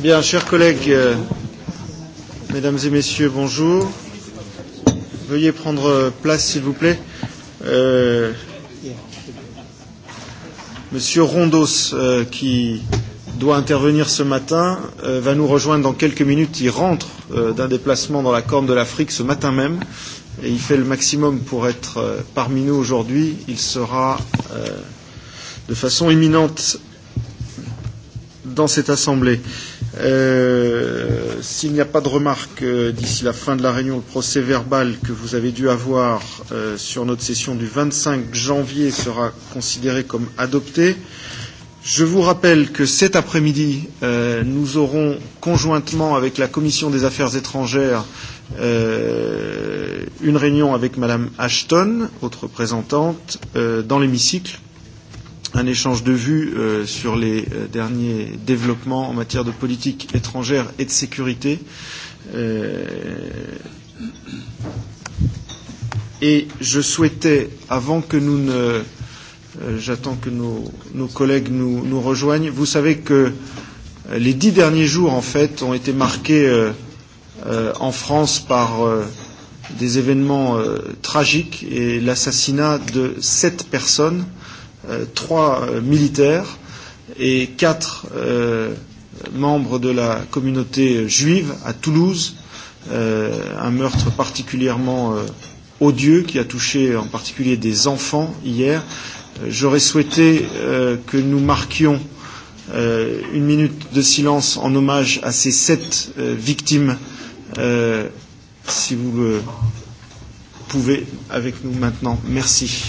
Bien, chers collègues, mesdames et messieurs, bonjour. Veuillez prendre place, s'il vous plaît. Euh, Monsieur Rondos, euh, qui doit intervenir ce matin, euh, va nous rejoindre dans quelques minutes. Il rentre euh, d'un déplacement dans la Corne de l'Afrique ce matin même et il fait le maximum pour être euh, parmi nous aujourd'hui. Il sera euh, de façon imminente dans cette Assemblée. Euh, S'il n'y a pas de remarques euh, d'ici la fin de la réunion, le procès verbal que vous avez dû avoir euh, sur notre session du 25 janvier sera considéré comme adopté. Je vous rappelle que cet après-midi, euh, nous aurons conjointement avec la Commission des affaires étrangères euh, une réunion avec Madame Ashton, haute représentante, euh, dans l'hémicycle un échange de vues euh, sur les euh, derniers développements en matière de politique étrangère et de sécurité. Euh, et je souhaitais, avant que nous ne. Euh, J'attends que nos, nos collègues nous, nous rejoignent. Vous savez que les dix derniers jours, en fait, ont été marqués euh, euh, en France par euh, des événements euh, tragiques et l'assassinat de sept personnes trois militaires et quatre euh, membres de la communauté juive à Toulouse, euh, un meurtre particulièrement euh, odieux qui a touché en particulier des enfants hier. J'aurais souhaité euh, que nous marquions euh, une minute de silence en hommage à ces sept euh, victimes, euh, si vous le pouvez, avec nous maintenant. Merci.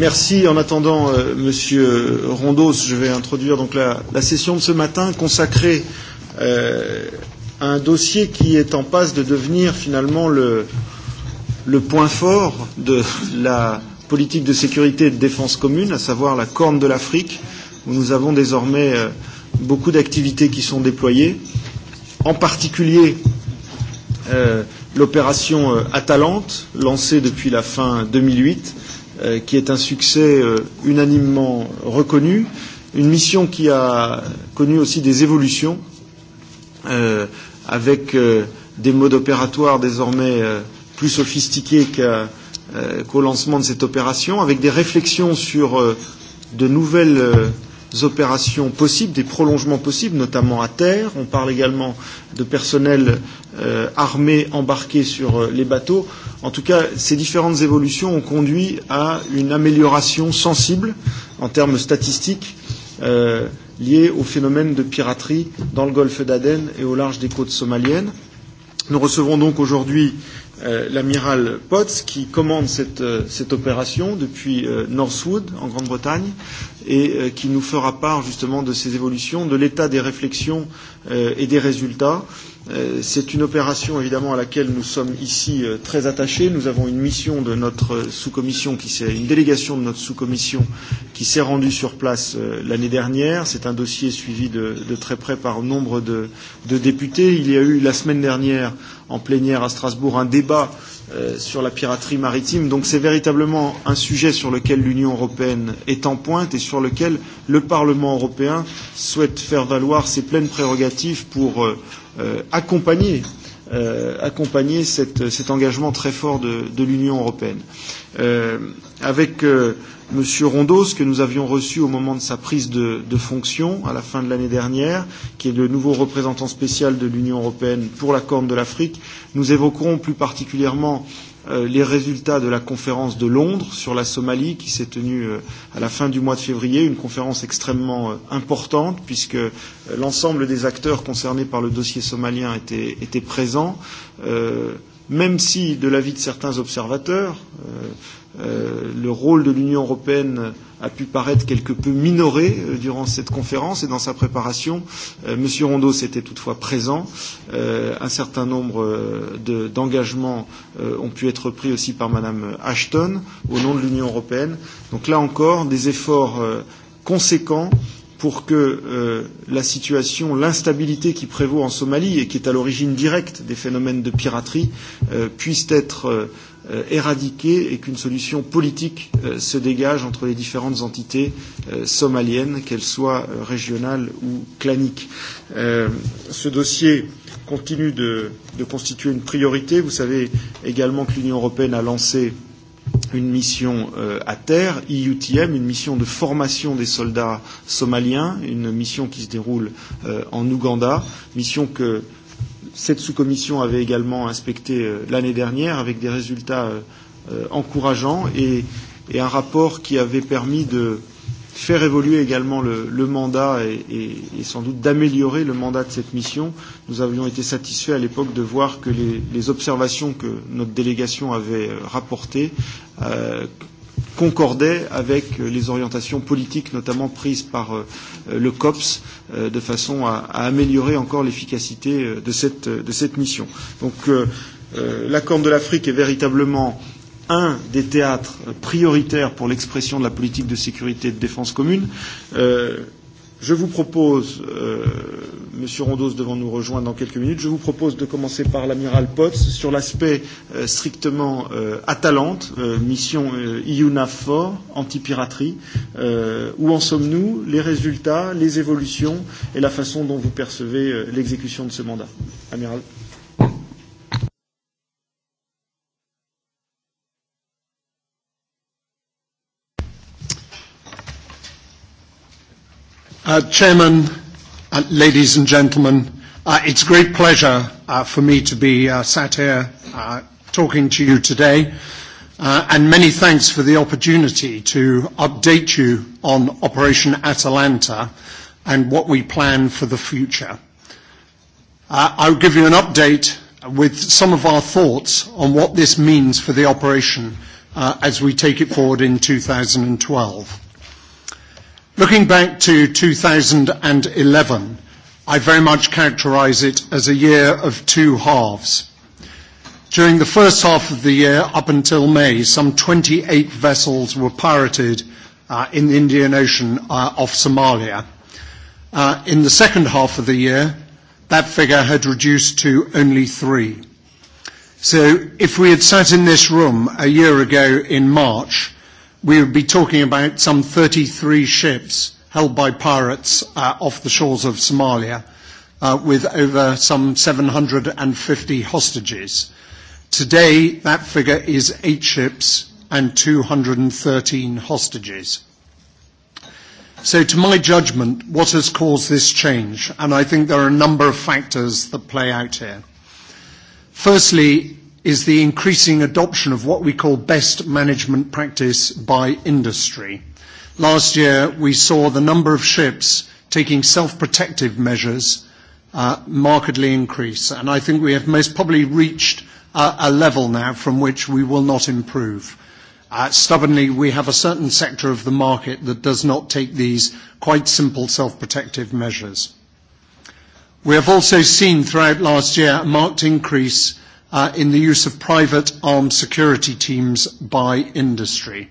Merci. En attendant, euh, Monsieur Rondos, je vais introduire donc la, la session de ce matin consacrée euh, à un dossier qui est en passe de devenir finalement le, le point fort de la politique de sécurité et de défense commune, à savoir la Corne de l'Afrique, où nous avons désormais euh, beaucoup d'activités qui sont déployées, en particulier euh, l'opération euh, Atalante, lancée depuis la fin 2008 qui est un succès unanimement reconnu, une mission qui a connu aussi des évolutions avec des modes opératoires désormais plus sophistiqués qu'au lancement de cette opération, avec des réflexions sur de nouvelles opérations possibles, des prolongements possibles, notamment à terre. On parle également de personnel euh, armé embarqué sur euh, les bateaux. En tout cas, ces différentes évolutions ont conduit à une amélioration sensible en termes statistiques euh, liée au phénomène de piraterie dans le golfe d'Aden et au large des côtes somaliennes. Nous recevons donc aujourd'hui l'amiral Potts qui commande cette, cette opération depuis Northwood en Grande-Bretagne et qui nous fera part justement de ces évolutions, de l'état des réflexions et des résultats C'est une opération évidemment à laquelle nous sommes ici très attachés. Nous avons une mission de notre sous-commission, qui s'est, une délégation de notre sous-commission qui s'est rendue sur place l'année dernière. C'est un dossier suivi de, de très près par nombre de, de députés. Il y a eu la semaine dernière en plénière à Strasbourg un débat euh, sur la piraterie maritime. Donc c'est véritablement un sujet sur lequel l'Union européenne est en pointe et sur lequel le Parlement européen souhaite faire valoir ses pleines prérogatives pour accompagner accompagner cet engagement très fort de, l'Union européenne. avec M. Rondos, que nous avions reçu au moment de sa prise de, de fonction à la fin de l'année dernière, qui est le nouveau représentant spécial de l'Union européenne pour la Corne de l'Afrique. Nous évoquerons plus particulièrement les résultats de la conférence de Londres sur la Somalie qui s'est tenue à la fin du mois de février, une conférence extrêmement importante puisque l'ensemble des acteurs concernés par le dossier somalien étaient, étaient présents. Euh, même si, de l'avis de certains observateurs, le rôle de l'Union européenne a pu paraître quelque peu minoré durant cette conférence et dans sa préparation. Monsieur Rondeau s'était toutefois présent. un certain nombre d'engagements ont pu être pris aussi par Madame Ashton au nom de l'Union européenne. Donc là encore, des efforts conséquents pour que euh, la situation, l'instabilité qui prévaut en Somalie et qui est à l'origine directe des phénomènes de piraterie euh, puisse être euh, éradiquée et qu'une solution politique se dégage entre les différentes entités somaliennes, qu'elles soient régionales ou claniques. ce dossier continue de, constituer une priorité. Vous savez également que l'Union européenne a lancé euh, une mission euh, à terre, IUTM, une mission de formation des soldats somaliens, une mission qui se déroule euh, en Ouganda, mission que cette sous-commission avait également inspectée euh, l'année dernière avec des résultats euh, euh, encourageants et, et un rapport qui avait permis de euh, faire évoluer également le, le mandat et, et, et sans doute d'améliorer le mandat de cette mission. Nous avions été satisfaits à l'époque de voir que les, les observations que notre délégation avait rapportées euh, concordaient avec les orientations politiques notamment prises par euh, le COPS euh, de façon à, à améliorer encore l'efficacité de cette, de cette mission. Donc euh, euh, la Corne de l'Afrique est véritablement un des théâtres prioritaires pour l'expression de la politique de sécurité et de défense commune. Euh, je vous propose, euh, Monsieur Rondos devant nous rejoindre dans quelques minutes, je vous propose de commencer par l'amiral Potts sur l'aspect euh, strictement euh, Atalante, euh, mission euh, EUNAFOR, anti-piraterie. Euh, où en sommes-nous Les résultats, les évolutions et la façon dont vous percevez euh, l'exécution de ce mandat Amiral. Euh, Chairman, ladies and gentlemen, it's a great pleasure for me to be sat here talking to you today. and many thanks for the opportunity to update you on Operation Atalanta and what we plan for the future. I'll give you an update with some of our thoughts on what this means for the operation as we take it forward in 2012. Looking back to 2011, I very much characterise it as a year of two halves. During the first half of the year, up until May, some 28 vessels were pirated uh, in the Indian Ocean uh, off Somalia. Uh, in the second half of the year, that figure had reduced to only three. So if we had sat in this room a year ago in March, we would be talking about some 33 ships held by pirates uh, off the shores of Somalia uh, with over some 750 hostages. Today, that figure is eight ships and 213 hostages. So to my judgment, what has caused this change? And I think there are a number of factors that play out here. Firstly, is the increasing adoption of what we call best management practice by industry. Last year, we saw the number of ships taking self-protective measures markedly increase, and I think we have most probably reached a level now from which we will not improve. Stubbornly, we have a certain sector of the market that does not take these quite simple self-protective measures. We have also seen throughout last year a marked increase uh, in the use of private armed security teams by industry.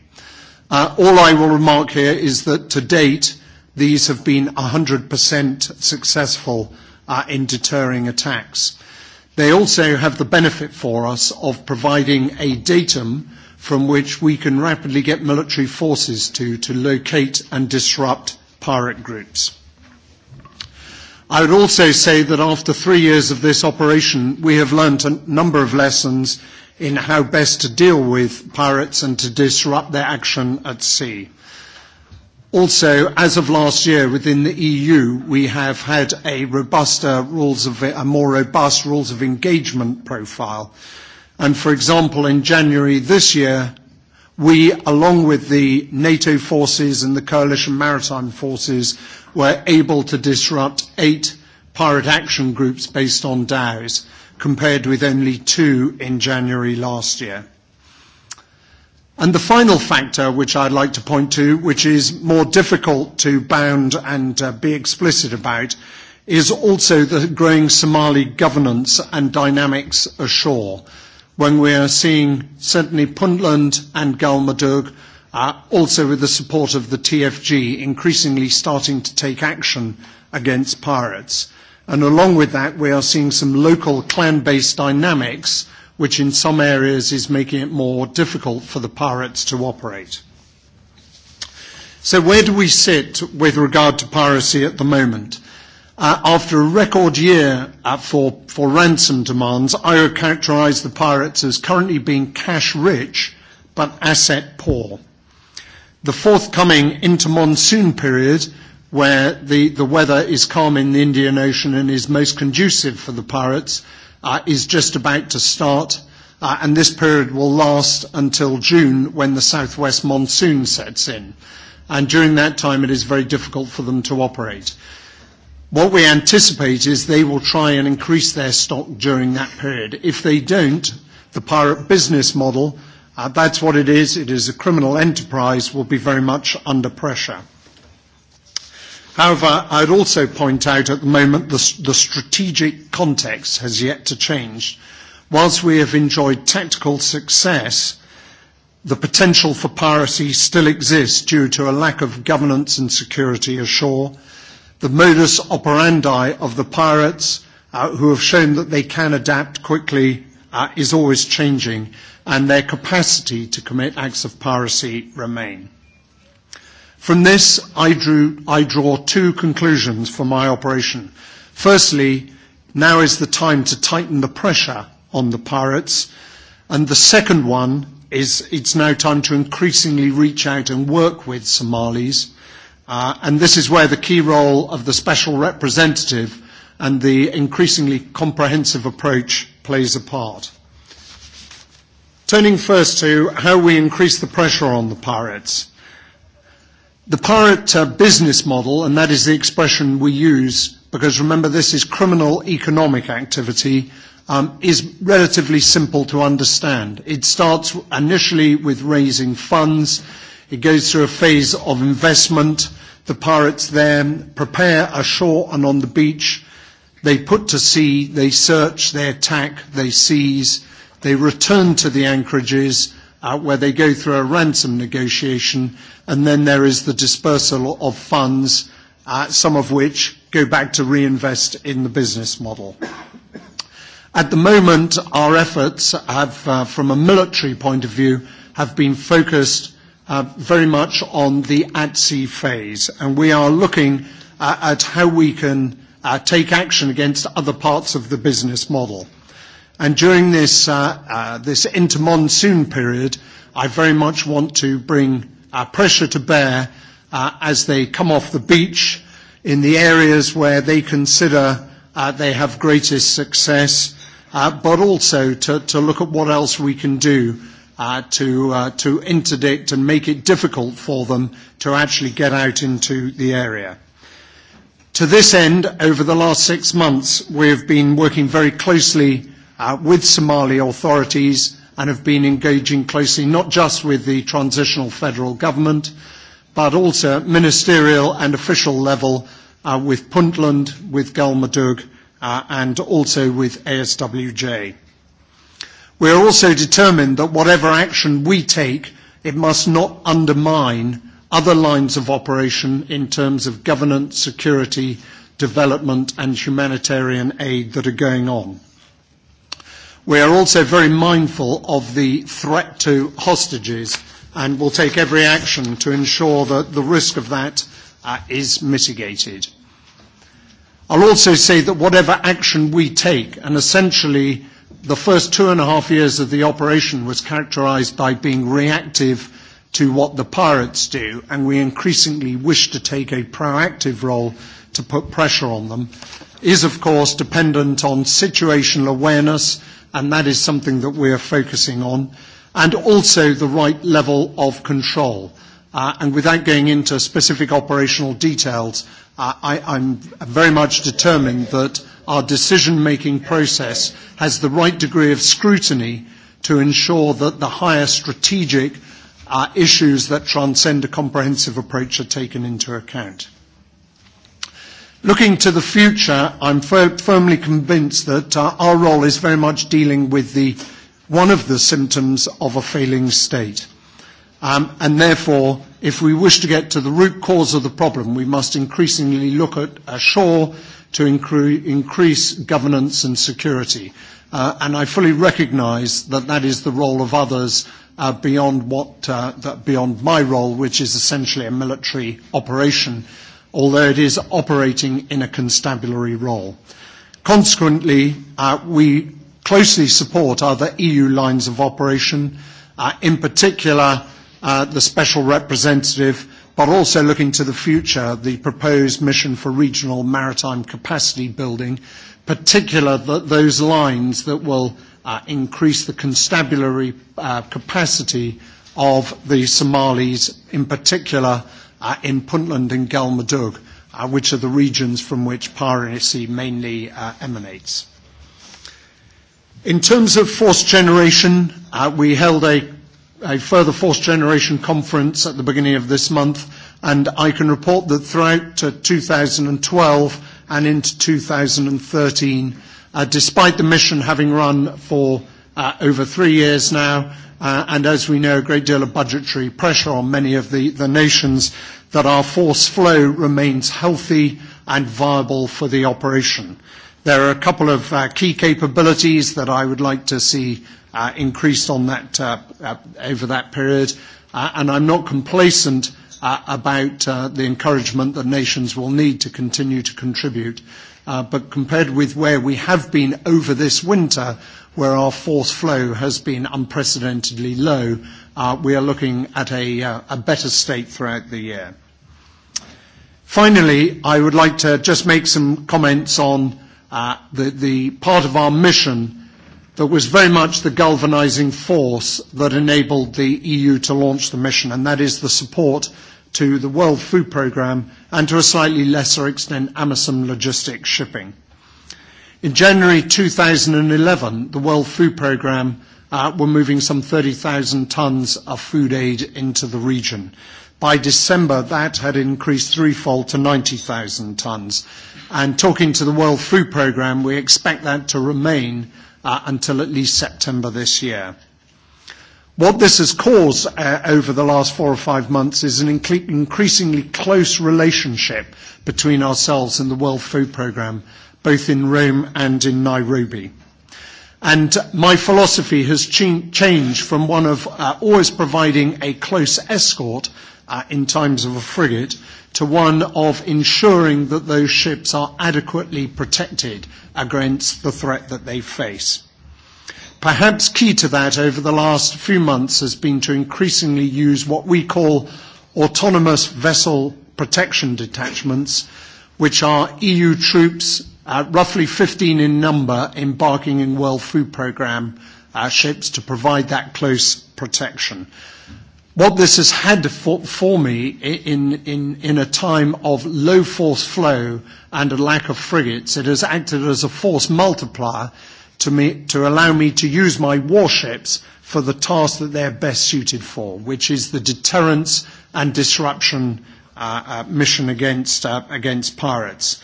Uh, all I will remark here is that to date, these have been 100% successful uh, in deterring attacks. They also have the benefit for us of providing a datum from which we can rapidly get military forces to, to locate and disrupt pirate groups. I would also say that after three years of this operation, we have learnt a number of lessons in how best to deal with pirates and to disrupt their action at sea. Also, as of last year, within the EU, we have had a robuster rules of a more robust rules of engagement profile. And for example, in January this year, we, along with the NATO forces and the coalition maritime forces, were able to disrupt eight pirate action groups based on DAOs, compared with only two in January last year. And the final factor which I'd like to point to, which is more difficult to bound and uh, be explicit about, is also the growing Somali governance and dynamics ashore, when we are seeing certainly Puntland and Galmadug also with the support of the TFG, increasingly starting to take action against pirates. And along with that, we are seeing some local clan-based dynamics, which in some areas is making it more difficult for the pirates to operate. So where do we sit with regard to piracy at the moment? after a record year for, for ransom demands, I would characterize the pirates as currently being cash rich but asset poor the forthcoming inter-monsoon period, where the, the weather is calm in the Indian Ocean and is most conducive for the pirates, uh, is just about to start. Uh, and this period will last until June when the southwest monsoon sets in. And during that time, it is very difficult for them to operate. What we anticipate is they will try and increase their stock during that period. If they don't, the pirate business model Uh, that's what it is. It is a criminal enterprise, will be very much under pressure. However, I'd also point out at the moment the, the strategic context has yet to change. Whilst we have enjoyed tactical success, the potential for piracy still exists due to a lack of governance and security ashore. The modus operandi of the pirates, uh, who have shown that they can adapt quickly uh, is always changing, and their capacity to commit acts of piracy remain. From this, I, drew, I draw two conclusions for my operation. Firstly, now is the time to tighten the pressure on the pirates. And the second one is it's now time to increasingly reach out and work with Somalis. Uh, and this is where the key role of the special representative and the increasingly comprehensive approach plays a part. Turning first to how we increase the pressure on the pirates. The pirate uh, business model, and that is the expression we use, because remember this is criminal economic activity, um, is relatively simple to understand. It starts initially with raising funds. It goes through a phase of investment. The pirates then prepare ashore and on the beach They put to sea, they search, they attack, they seize, they return to the anchorages uh, where they go through a ransom negotiation, and then there is the dispersal of funds, uh, some of which go back to reinvest in the business model. At the moment, our efforts have, uh, from a military point of view, have been focused uh, very much on the at-sea phase, and we are looking uh, at how we can take action against other parts of the business model. during this, intermonsoon period, I very much want to bring pressure to bear as they come off the beach in the areas where they consider they have greatest success, but also to, look at what else we can do to interdict and make it difficult for them to actually get out into the area. To this end, over the last six months, we have been working very closely with Somali authorities and have been engaging closely not just with the transitional federal government, but also at ministerial and official level with Puntland, with uh, and also with ASWJ. We are also determined that whatever action we take, it must not undermine other lines of operation in terms of governance, security, development and humanitarian aid that are going on. We are also very mindful of the threat to hostages and will take every action to ensure that the risk of that uh, is mitigated. I'll also say that whatever action we take, and essentially the first two and a half years of the operation was characterized by being reactive to what the pirates do, and we increasingly wish to take a proactive role to put pressure on them, is of course dependent on situational awareness, and that is something that we are focusing on, and also the right level of control. and without going into specific operational details, I, I'm very much determined that our decision-making process has the right degree of scrutiny to ensure that the higher strategic uh, issues that transcend a comprehensive approach are taken into account. Looking to the future, I'm firmly convinced that uh, our role is very much dealing with the, one of the symptoms of a failing state. Um, and therefore, if we wish to get to the root cause of the problem, we must increasingly look at ashore to incre- increase governance and security. Uh, and I fully recognise that that is the role of others beyond what uh, that beyond my role, which is essentially a military operation, although it is operating in a constabulary role. Consequently, uh, we closely support other EU lines of operation, uh, in particular uh, the Special Representative, but also looking to the future, the proposed mission for regional maritime capacity building, particular those lines that will uh, increase the constabulary uh, capacity of the Somalis, in particular uh, in Puntland and Galmudug, uh, which are the regions from which piracy mainly uh, emanates. In terms of force generation, uh, we held a, a further force generation conference at the beginning of this month, and I can report that throughout uh, 2012 and into 2013, despite the mission having run for uh, over three years now, uh, and as we know, a great deal of budgetary pressure on many of the, the nations, that our force flow remains healthy and viable for the operation. There are a couple of uh, key capabilities that I would like to see uh, increased on that uh, uh, over that period, uh, and I'm not complacent uh, about uh, the encouragement that nations will need to continue to contribute. But compared with where we have been over this winter, where our force flow has been unprecedentedly low, we are looking at a better state throughout the year. Finally, I would like to just make some comments on the part of our mission that was very much the galvanizing force that enabled the EU to launch the mission, and that is the support to the World Food Programme and to a slightly lesser extent Amazon Logistics Shipping. In January 2011, the World Food Programme uh, were moving some 30,000 tonnes of food aid into the region. By December, that had increased threefold to 90,000 tonnes. And talking to the World Food Programme, we expect that to remain uh, until at least September this year. What this has caused over the last four or five months is an increasingly close relationship between ourselves and the World Food Programme, both in Rome and in Nairobi. And my philosophy has changed from one of always providing a close escort in times of a frigate to one of ensuring that those ships are adequately protected against the threat that they face. Perhaps key to that over the last few months has been to increasingly use what we call autonomous vessel protection detachments, which are EU troops, uh, roughly 15 in number, embarking in World Food Programme uh, ships to provide that close protection. What this has had for, for me in, in, in a time of low force flow and a lack of frigates, it has acted as a force multiplier to, me, to allow me to use my warships for the task that they're best suited for, which is the deterrence and disruption uh, uh, mission against, uh, against pirates.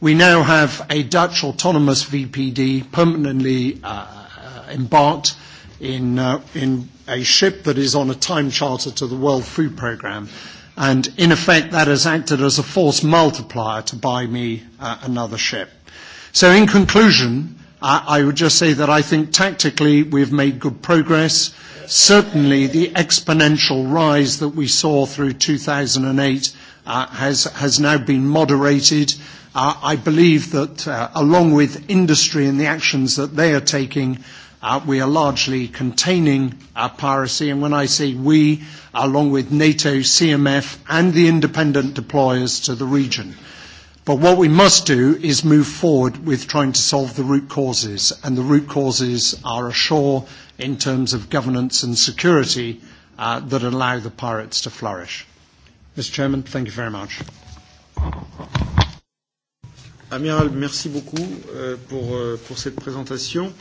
We now have a Dutch autonomous VPD permanently uh, embarked in, uh, in a ship that is on a time charter to the World Food Programme. And in effect, that has acted as a force multiplier to buy me uh, another ship. So in conclusion, I would just say that I think tactically we've made good progress. Certainly, the exponential rise that we saw through 2008 has now been moderated. I believe that along with industry and the actions that they are taking, we are largely containing piracy. And when I say we, along with NATO, CMF, and the independent deployers to the region. But what we must do is move forward with trying to solve the root causes, and the root causes are ashore in terms of governance and security uh, that allow the pirates to flourish. Mr. Chairman, thank you very much. Amiral, merci beaucoup euh, pour, pour cette présentation.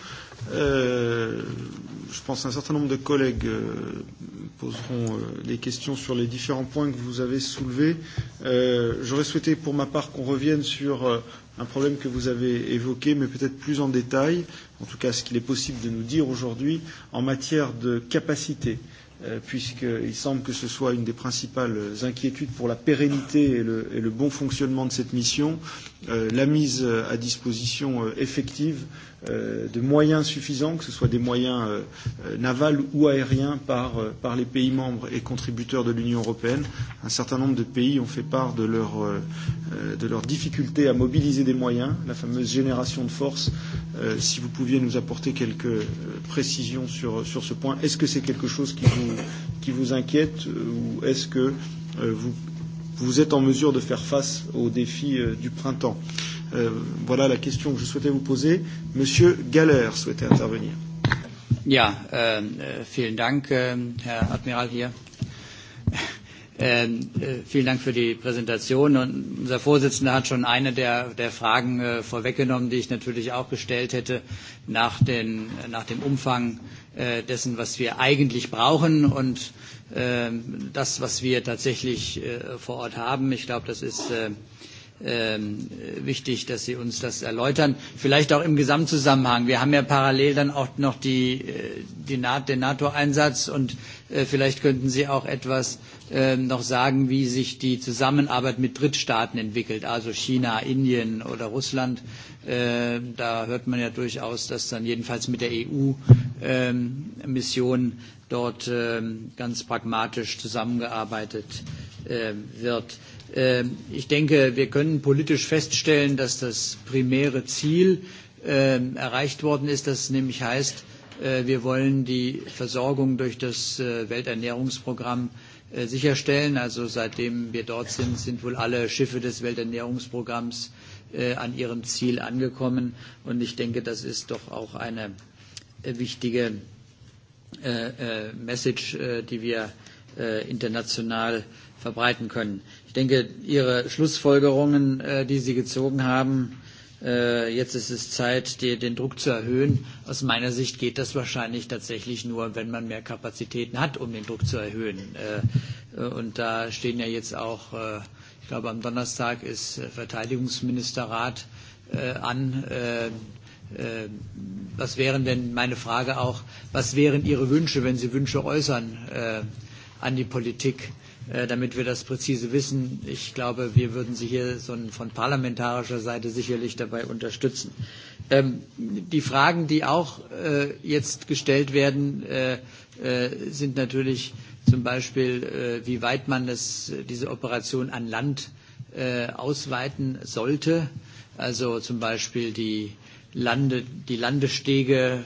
Euh, je pense qu'un certain nombre de collègues poseront des questions sur les différents points que vous avez soulevés. J'aurais souhaité pour ma part qu'on revienne sur un problème que vous avez évoqué, mais peut-être plus en détail, en tout cas ce qu'il est possible de nous dire aujourd'hui en matière de capacité puisqu'il semble que ce soit une des principales inquiétudes pour la pérennité et le, et le bon fonctionnement de cette mission, la mise à disposition effective de moyens suffisants, que ce soit des moyens navals ou aériens par, par les pays membres et contributeurs de l'Union européenne. Un certain nombre de pays ont fait part de leur, de leur difficulté à mobiliser des moyens, la fameuse génération de force. Si vous pouviez nous apporter quelques précisions sur, sur ce point, est-ce que c'est quelque chose qui vous, qui vous inquiète ou est-ce que vous, vous êtes en mesure de faire face aux défis du printemps euh, voilà la question que je souhaitais vous poser. Monsieur Galler souhaitait intervenir. Ja, äh, vielen Dank, äh, Herr Admiral hier. Äh, äh, vielen Dank für die Präsentation. Und unser Vorsitzender hat schon eine der, der Fragen äh, vorweggenommen, die ich natürlich auch gestellt hätte nach, den, nach dem Umfang äh, dessen, was wir eigentlich brauchen und äh, das, was wir tatsächlich äh, vor Ort haben. Ich glaube, das ist äh, wichtig, dass Sie uns das erläutern. Vielleicht auch im Gesamtzusammenhang. Wir haben ja parallel dann auch noch die, die, den NATO-Einsatz und vielleicht könnten Sie auch etwas noch sagen, wie sich die Zusammenarbeit mit Drittstaaten entwickelt, also China, Indien oder Russland. Da hört man ja durchaus, dass dann jedenfalls mit der EU-Mission dort ganz pragmatisch zusammengearbeitet wird Ich denke, wir können politisch feststellen, dass das primäre Ziel erreicht worden ist, das nämlich heißt, wir wollen die Versorgung durch das Welternährungsprogramm sicherstellen. Also seitdem wir dort sind, sind wohl alle Schiffe des Welternährungsprogramms an ihrem Ziel angekommen. Und ich denke, das ist doch auch eine wichtige Message, die wir international verbreiten können denke, Ihre Schlussfolgerungen, die Sie gezogen haben, jetzt ist es Zeit, den Druck zu erhöhen. Aus meiner Sicht geht das wahrscheinlich tatsächlich nur, wenn man mehr Kapazitäten hat, um den Druck zu erhöhen. Und da stehen ja jetzt auch, ich glaube, am Donnerstag ist Verteidigungsministerrat an. Was wären denn meine Frage auch, was wären Ihre Wünsche, wenn Sie Wünsche äußern an die Politik? damit wir das präzise wissen. Ich glaube, wir würden Sie hier von parlamentarischer Seite sicherlich dabei unterstützen. die Fragen, die auch jetzt gestellt werden, sind natürlich zum Beispiel, wie weit man diese Operation an Land ausweiten sollte. Also zum Beispiel die Lande, die Landestege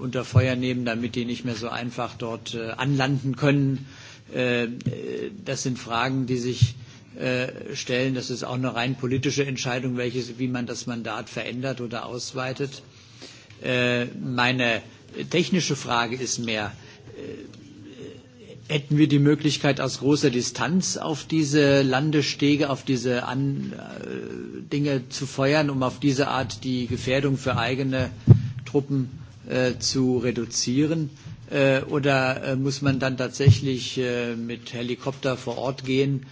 unter Feuer nehmen, damit die nicht mehr so einfach dort anlanden können das sind Fragen, die sich stellen. Das ist auch eine rein politische Entscheidung, welches, wie man das Mandat verändert oder ausweitet. Meine technische Frage ist mehr, hätten wir die Möglichkeit, aus großer Distanz auf diese Landestege, auf diese Dinge zu feuern, um auf diese Art die Gefährdung für eigene Truppen zu reduzieren? oder muss man dann tatsächlich mit Helikopter vor Ort gehen,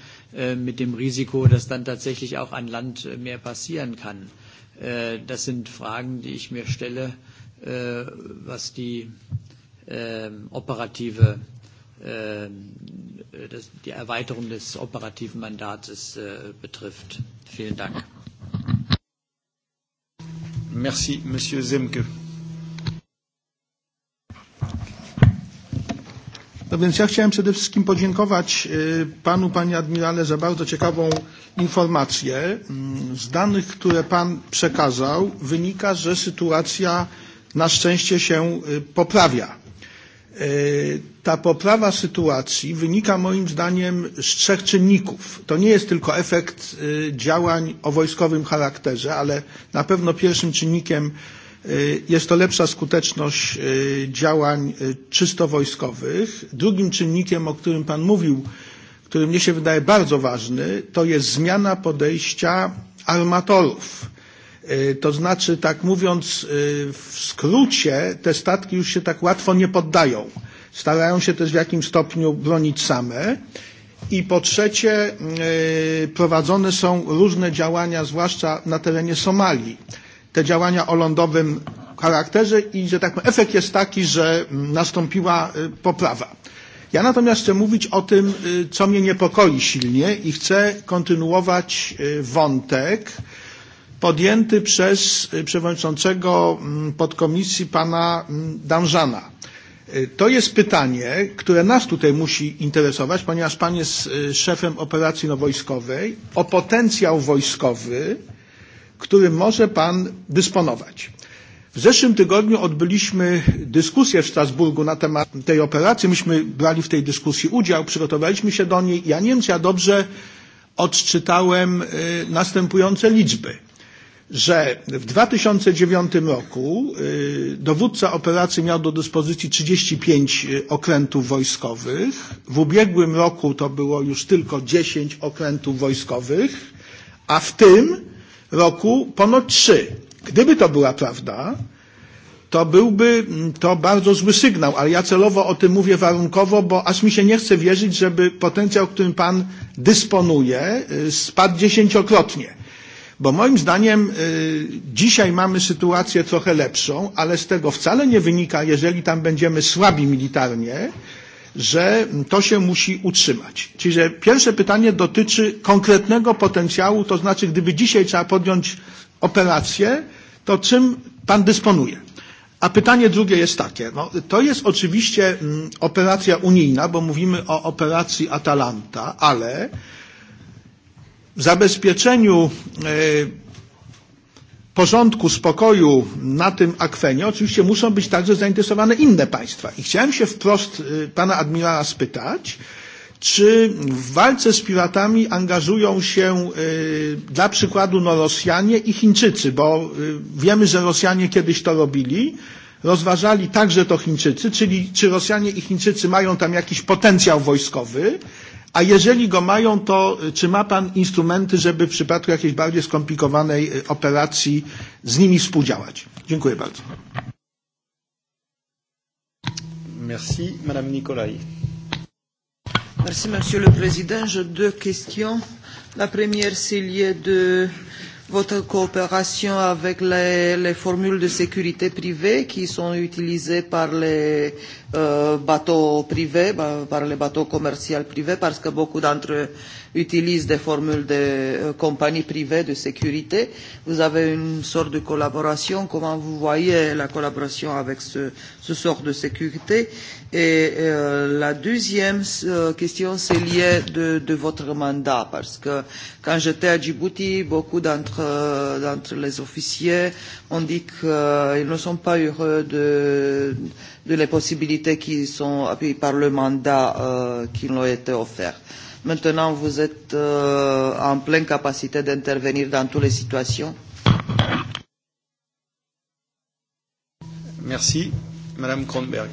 mit dem Risiko, dass dann tatsächlich auch an Land mehr passieren kann? das sind Fragen, die ich mir stelle, was die operative die Erweiterung des operativen Mandats betrifft. Vielen Dank. Merci, Monsieur Zemke. No więc ja chciałem przede wszystkim podziękować panu, panie admirale, za bardzo ciekawą informację. Z danych, które pan przekazał, wynika, że sytuacja na szczęście się poprawia. Ta poprawa sytuacji wynika moim zdaniem z trzech czynników. To nie jest tylko efekt działań o wojskowym charakterze, ale na pewno pierwszym czynnikiem jest to lepsza skuteczność działań czysto wojskowych. Drugim czynnikiem, o którym Pan mówił, który mnie się wydaje bardzo ważny, to jest zmiana podejścia armatorów. To znaczy, tak mówiąc w skrócie, te statki już się tak łatwo nie poddają. Starają się też w jakimś stopniu bronić same. I po trzecie, prowadzone są różne działania, zwłaszcza na terenie Somalii te działania o lądowym charakterze i, że tak powiem, efekt jest taki, że nastąpiła poprawa. Ja natomiast chcę mówić o tym, co mnie niepokoi silnie i chcę kontynuować wątek podjęty przez przewodniczącego podkomisji pana Danżana. To jest pytanie, które nas tutaj musi interesować, ponieważ pan jest szefem operacji wojskowej, o potencjał wojskowy którym może Pan dysponować. W zeszłym tygodniu odbyliśmy dyskusję w Strasburgu na temat tej operacji. Myśmy brali w tej dyskusji udział, przygotowaliśmy się do niej. Ja nie wiem, czy ja dobrze odczytałem następujące liczby że w 2009 roku dowódca operacji miał do dyspozycji 35 okrętów wojskowych, w ubiegłym roku to było już tylko 10 okrętów wojskowych, a w tym roku ponad trzy. Gdyby to była prawda, to byłby to bardzo zły sygnał, ale ja celowo o tym mówię warunkowo, bo aż mi się nie chce wierzyć, żeby potencjał, którym Pan dysponuje, spadł dziesięciokrotnie. Bo moim zdaniem dzisiaj mamy sytuację trochę lepszą, ale z tego wcale nie wynika, jeżeli tam będziemy słabi militarnie, że to się musi utrzymać. Czyli że pierwsze pytanie dotyczy konkretnego potencjału, to znaczy gdyby dzisiaj trzeba podjąć operację, to czym Pan dysponuje? A pytanie drugie jest takie. No, to jest oczywiście m, operacja unijna, bo mówimy o operacji Atalanta, ale w zabezpieczeniu y, porządku, spokoju na tym akwenie oczywiście muszą być także zainteresowane inne państwa. I chciałem się wprost pana admirała spytać, czy w walce z piratami angażują się dla przykładu no, Rosjanie i Chińczycy, bo wiemy, że Rosjanie kiedyś to robili, rozważali także to Chińczycy, czyli czy Rosjanie i Chińczycy mają tam jakiś potencjał wojskowy, A jeżeli go mają, to czy ma Pan instrumenty, żeby w przypadku jakiejś bardziej skomplikowanej operacji z nimi współdziałać? Dziękuję bardzo. Merci, Madame Nicolai. Merci, Monsieur le Président. J'ai deux questions. La première, c'est liée de votre coopération avec les, les formules de sécurité privée qui sont utilisées par les bateaux privés, par les bateaux commerciaux privés, parce que beaucoup d'entre eux utilisent des formules de compagnies privées de sécurité. Vous avez une sorte de collaboration. Comment vous voyez la collaboration avec ce, ce sort de sécurité Et euh, la deuxième question, c'est liée de, de votre mandat, parce que quand j'étais à Djibouti, beaucoup d'entre, d'entre les officiers ont dit qu'ils ne sont pas heureux de les possibilités qui sont appuyées par le mandat euh, qui nous a été offert. Maintenant, vous êtes euh, en pleine capacité d'intervenir dans toutes les situations. Merci. Madame Kronberg.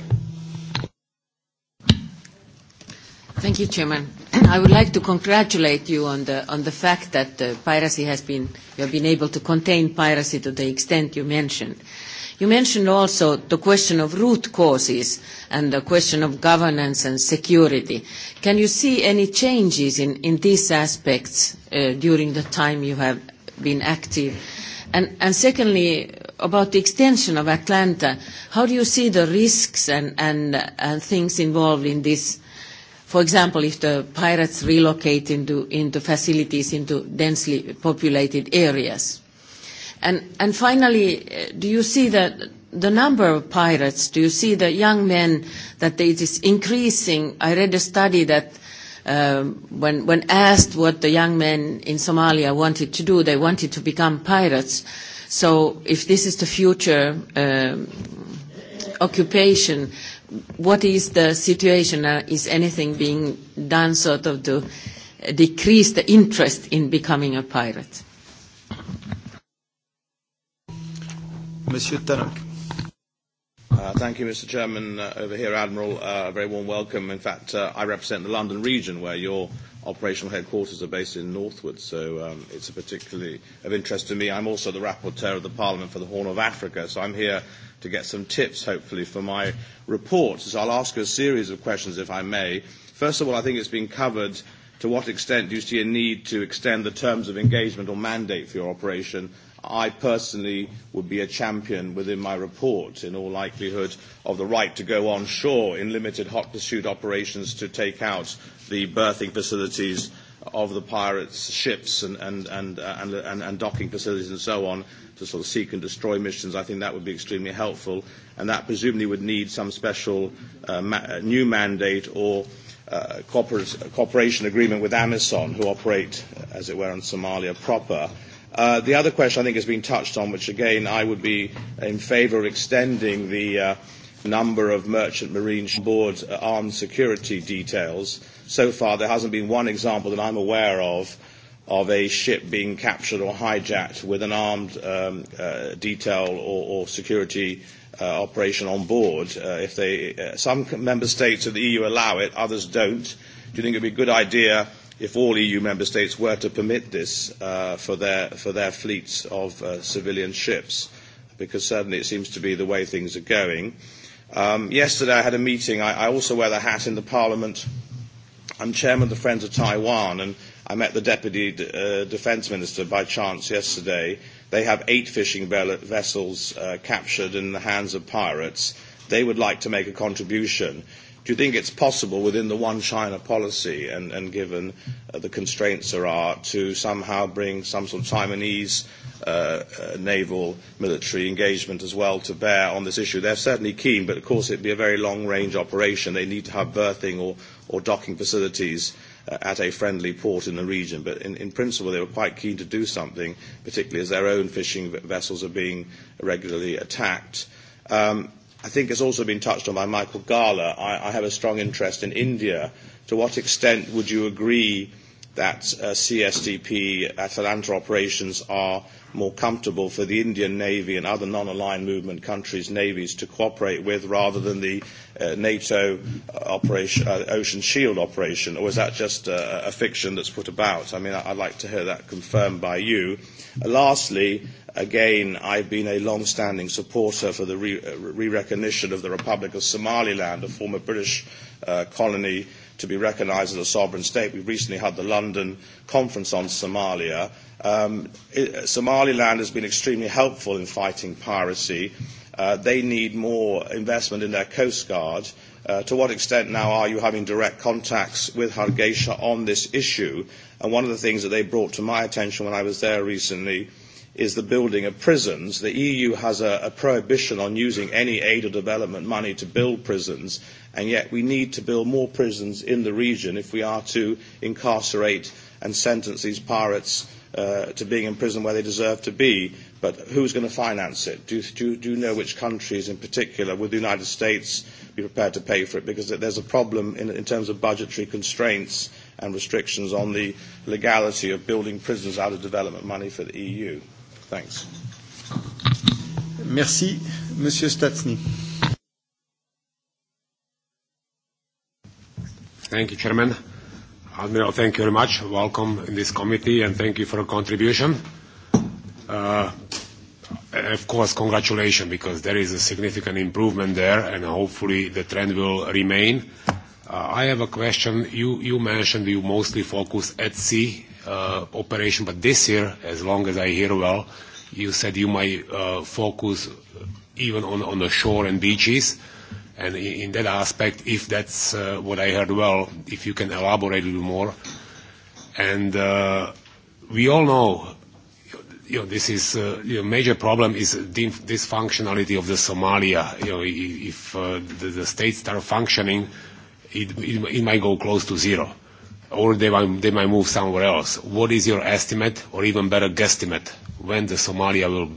Thank you, Chairman. I would like to congratulate you on the, on the fact that uh, piracy has been, you have been able to contain piracy to the extent you mentioned. You mentioned also the question of root causes and the question of governance and security. Can you see any changes in, in these aspects uh, during the time you have been active? And, and secondly, about the extension of Atlanta, how do you see the risks and, and, and things involved in this? For example, if the pirates relocate into, into facilities into densely populated areas? And Finally, do you see that the number of pirates, do you see the young men that it is increasing? I read a study that when when asked what the young men in Somalia wanted to do, they wanted to become pirates. So If this is the future occupation, what is the situation? Is anything being done sort of to decrease the interest in becoming a pirate? Monsieur Tannock. Thank you, Mr. Chairman. Over here, Admiral, a very warm welcome. In fact, I represent the London region, where your operational headquarters are based in Northwood, so um, it's particularly of interest to me. I'm also the rapporteur of the Parliament for the Horn of Africa, so I'm here to get some tips, hopefully, for my report. So I'll ask you a series of questions, if I may. First of all, I think it's been covered to what extent do you see a need to extend the terms of engagement or mandate for your operation I personally would be a champion within my report, in all likelihood, of the right to go on shore in limited hot pursuit operations to take out the berthing facilities of the pirates' ships and, and, and, and, and, and docking facilities and so on to sort of seek and destroy missions. I think that would be extremely helpful, and that presumably would need some special uh, ma- new mandate or uh, cooperation agreement with Amazon, who operate, as it were, in Somalia proper. Uh, the other question I think has been touched on, which again I would be in favour of extending the uh, number of merchant marine board armed security details. So far, there hasn't been one example that I'm aware of of a ship being captured or hijacked with an armed um, uh, detail or, or security uh, operation on board. Uh, if they, uh, some member states of the EU allow it, others don't. Do you think it would be a good idea? if all EU member states were to permit this for, their, for their fleets of civilian ships, because certainly it seems to be the way things are going. yesterday I had a meeting. I, I also wear the hat in the Parliament. I'm chairman of the Friends of Taiwan, and I met the Deputy Defence Minister by chance yesterday. They have eight fishing vessels captured in the hands of pirates. They would like to make a contribution do you think it's possible within the one China policy and, and given uh, the constraints there are to somehow bring some sort of Taiwanese uh, uh, naval military engagement as well to bear on this issue? They're certainly keen, but of course it'd be a very long-range operation. They need to have berthing or, or docking facilities uh, at a friendly port in the region. But in, in principle, they were quite keen to do something, particularly as their own fishing vessels are being regularly attacked. Um, I think has also been touched on by Michael Gala. I, I have a strong interest in India. To what extent would you agree that uh, CSDP Atalanta operations are more comfortable for the Indian Navy and other non-aligned movement countries' navies to cooperate with rather than the uh, NATO operation, uh, Ocean Shield operation? Or is that just a, a fiction that's put about? I mean, I'd like to hear that confirmed by you. Uh, lastly, Again, I've been a long-standing supporter for the re-recognition of the Republic of Somaliland, a former British colony, to be recognised as a sovereign state. We recently had the London conference on Somalia. Somaliland has been extremely helpful in fighting piracy. they need more investment in their coast guard. to what extent now are you having direct contacts with Hargeisa on this issue? And one of the things that they brought to my attention when I was there recently is the building of prisons. The EU has a, a prohibition on using any aid or development money to build prisons, and yet we need to build more prisons in the region if we are to incarcerate and sentence these pirates uh, to being in prison where they deserve to be. But who's going to finance it? Do, do, do you know which countries in particular? Would the United States be prepared to pay for it? Because there's a problem in, in terms of budgetary constraints and restrictions on the legality of building prisons out of development money for the EU. Thanks. Merci, Monsieur Statsny. Thank you, Chairman. Admiral, thank you very much. Welcome in this committee, and thank you for your contribution. Uh, of course, congratulations, because there is a significant improvement there, and hopefully the trend will remain. I have a question. You mentioned you mostly focus at sea uh, operation. But this year, as long as I hear well, you said you might uh, focus even on, on the shore and beaches. And in, that aspect, if that's uh, what I heard well, if you can elaborate a little more. And uh, we all know you know, this is uh, you know, major problem is dysfunctionality of the Somalia. You know, if uh, the, the states start functioning, it, it, it might go close to zero or they might, they might move somewhere else. What is your estimate, or even better, guesstimate, when the Somalia will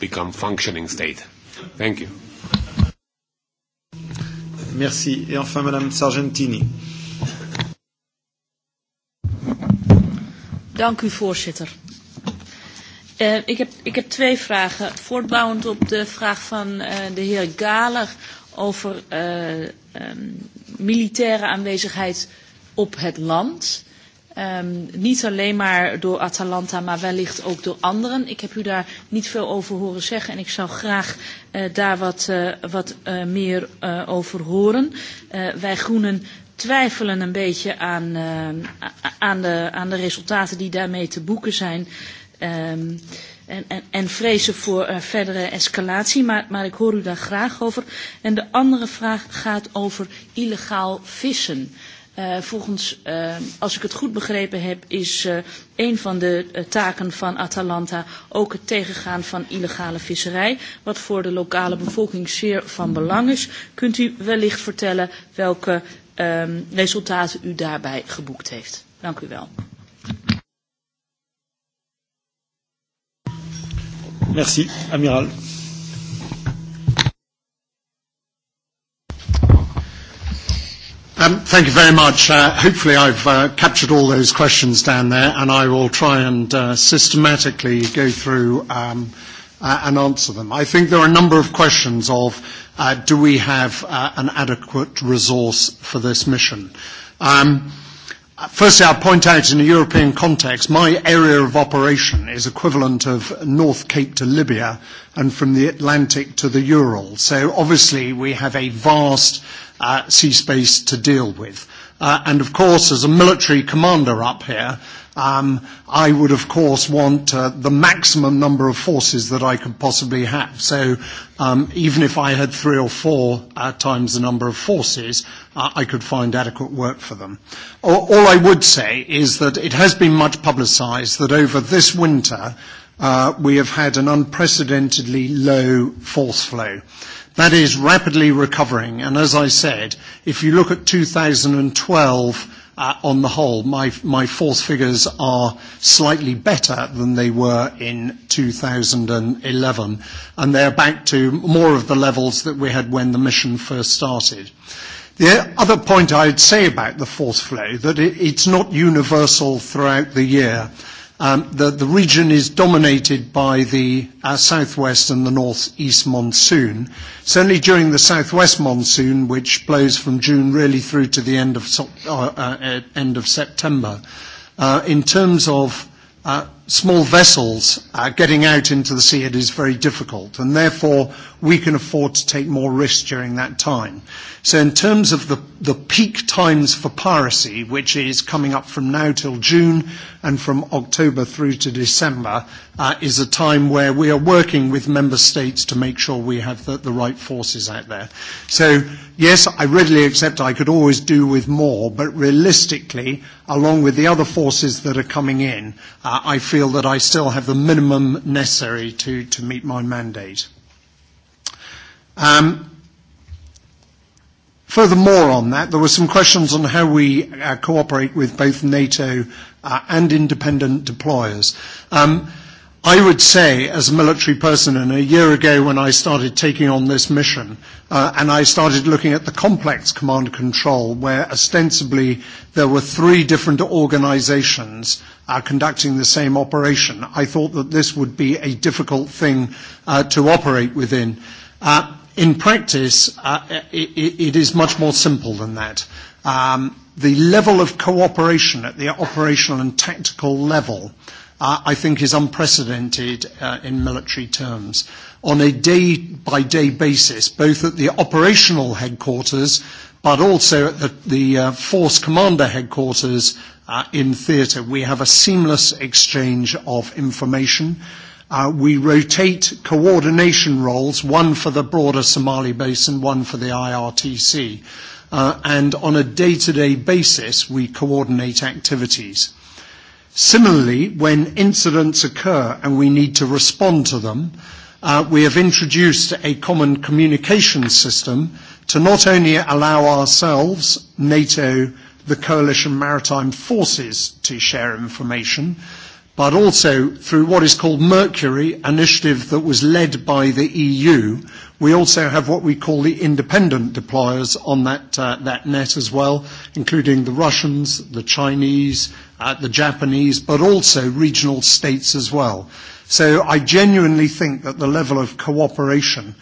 become functioning state? Thank you. Merci. Et enfin, Madame Sargentini. Dank u, voorzitter. Uh, ik, heb, ik heb twee vragen. Voortbouwend op de vraag van uh, de heer Galer over uh, um, militaire aanwezigheid op het land. Um, niet alleen maar door Atalanta, maar wellicht ook door anderen. Ik heb u daar niet veel over horen zeggen en ik zou graag uh, daar wat, uh, wat uh, meer uh, over horen. Uh, wij groenen twijfelen een beetje aan, uh, aan, de, aan de resultaten die daarmee te boeken zijn. Um, en, en, en vrezen voor uh, verdere escalatie, maar, maar ik hoor u daar graag over. En de andere vraag gaat over illegaal vissen volgens, als ik het goed begrepen heb, is een van de taken van Atalanta ook het tegengaan van illegale visserij, wat voor de lokale bevolking zeer van belang is. Kunt u wellicht vertellen welke resultaten u daarbij geboekt heeft? Dank u wel. Merci, thank you very much. hopefully I've uh, captured all those questions down there and I will try and uh, systematically go through um, uh, and answer them. I think there are a number of questions of uh, do we have uh, an adequate resource for this mission? Um, Firstly, I'll point out in a European context, my area of operation is equivalent of North Cape to Libya and from the Atlantic to the Ural. So obviously we have a vast uh, sea space to deal with. Uh, and of course, as a military commander up here, Um, I would, of course, want uh, the maximum number of forces that I could possibly have. So um, even if I had three or four uh, times the number of forces, uh, I could find adequate work for them. All, all I would say is that it has been much publicised that over this winter uh, we have had an unprecedentedly low force flow. That is rapidly recovering, and as I said, if you look at 2012, on the whole, my, my fourth figures are slightly better than they were in 2011, and they're back to more of the levels that we had when the mission first started. The other point I'd say about the fourth flow, that it, it's not universal throughout the year. Um, the, the region is dominated by the uh, southwest and the northeast monsoon. Certainly during the southwest monsoon, which blows from June really through to the end of, uh, uh, end of September, uh, in terms of uh, small vessels uh, getting out into the sea, it is very difficult, and therefore we can afford to take more risk during that time. So in terms of the, the peak times for piracy, which is coming up from now till June, and from October through to December is a time where we are working with member states to make sure we have the, the right forces out there. So yes, I readily accept I could always do with more, but realistically, along with the other forces that are coming in, uh, I feel that I still have the minimum necessary to, to meet my mandate. Um, Furthermore on that, there were some questions on how we uh, cooperate with both NATO and independent deployers. Um, I would say, as a military person, and a year ago when I started taking on this mission, uh, and I started looking at the complex command control, where ostensibly there were three different organizations uh, conducting the same operation, I thought that this would be a difficult thing uh, to operate within. Uh, in practice, uh, it, it is much more simple than that. Um, the level of cooperation at the operational and tactical level uh, I think is unprecedented uh, in military terms. On a day-by-day basis, both at the operational headquarters, but also at the, the uh, force commander headquarters uh, in theatre, we have a seamless exchange of information. Uh, we rotate coordination roles, one for the broader Somali Basin, one for the IRTC and on a day-to-day basis we coordinate activities. Similarly, when incidents occur and we need to respond to them, uh, we have introduced a common communication system to not only allow ourselves, NATO, the coalition maritime forces to share information, but also through what is called Mercury, an initiative that was led by the EU, We also have what we call the independent deployers on that, net as well, including the Russians, the Chinese, the Japanese, but also regional states as well. So I genuinely think that the level of cooperation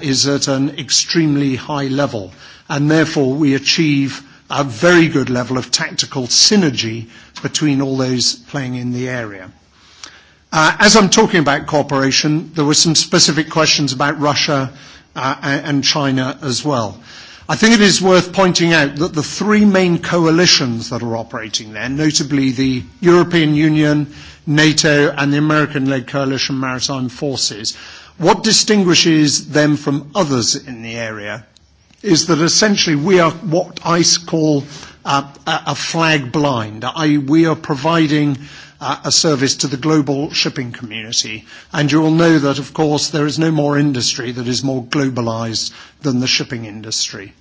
is at an extremely high level, and therefore we achieve a very good level of tactical synergy between all those playing in the area. Uh, as I'm talking about cooperation, there were some specific questions about Russia uh, and China as well. I think it is worth pointing out that the three main coalitions that are operating there, notably the European Union, NATO, and the American-led Coalition Maritime Forces, what distinguishes them from others in the area is that essentially we are what I call uh, a flag blind, i.e. we are providing uh, a service to the global shipping community. And you will know that, of course, there is no more industry that is more globalized than the shipping industry.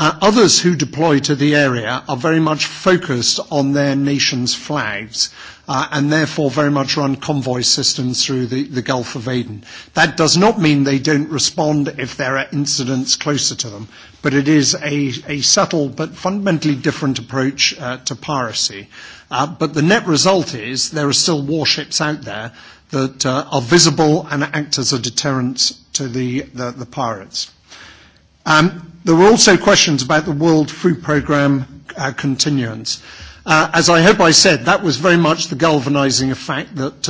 Uh, others who deploy to the area are very much focused on their nation's flags uh, and therefore very much run convoy systems through the, the Gulf of Aden. That does not mean they don't respond if there are incidents closer to them, but it is a, a subtle but fundamentally different approach uh, to piracy. Uh, but the net result is there are still warships out there that uh, are visible and act as a deterrent to the, the, the pirates. Um, There were also questions about the World Food Programme continuance. as I hope I said, that was very much the galvanising effect that,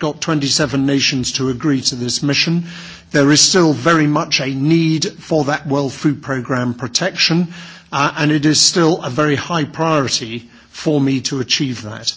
got 27 nations to agree to this mission. There is still very much a need for that World Food Programme protection, and it is still a very high priority for me to achieve that.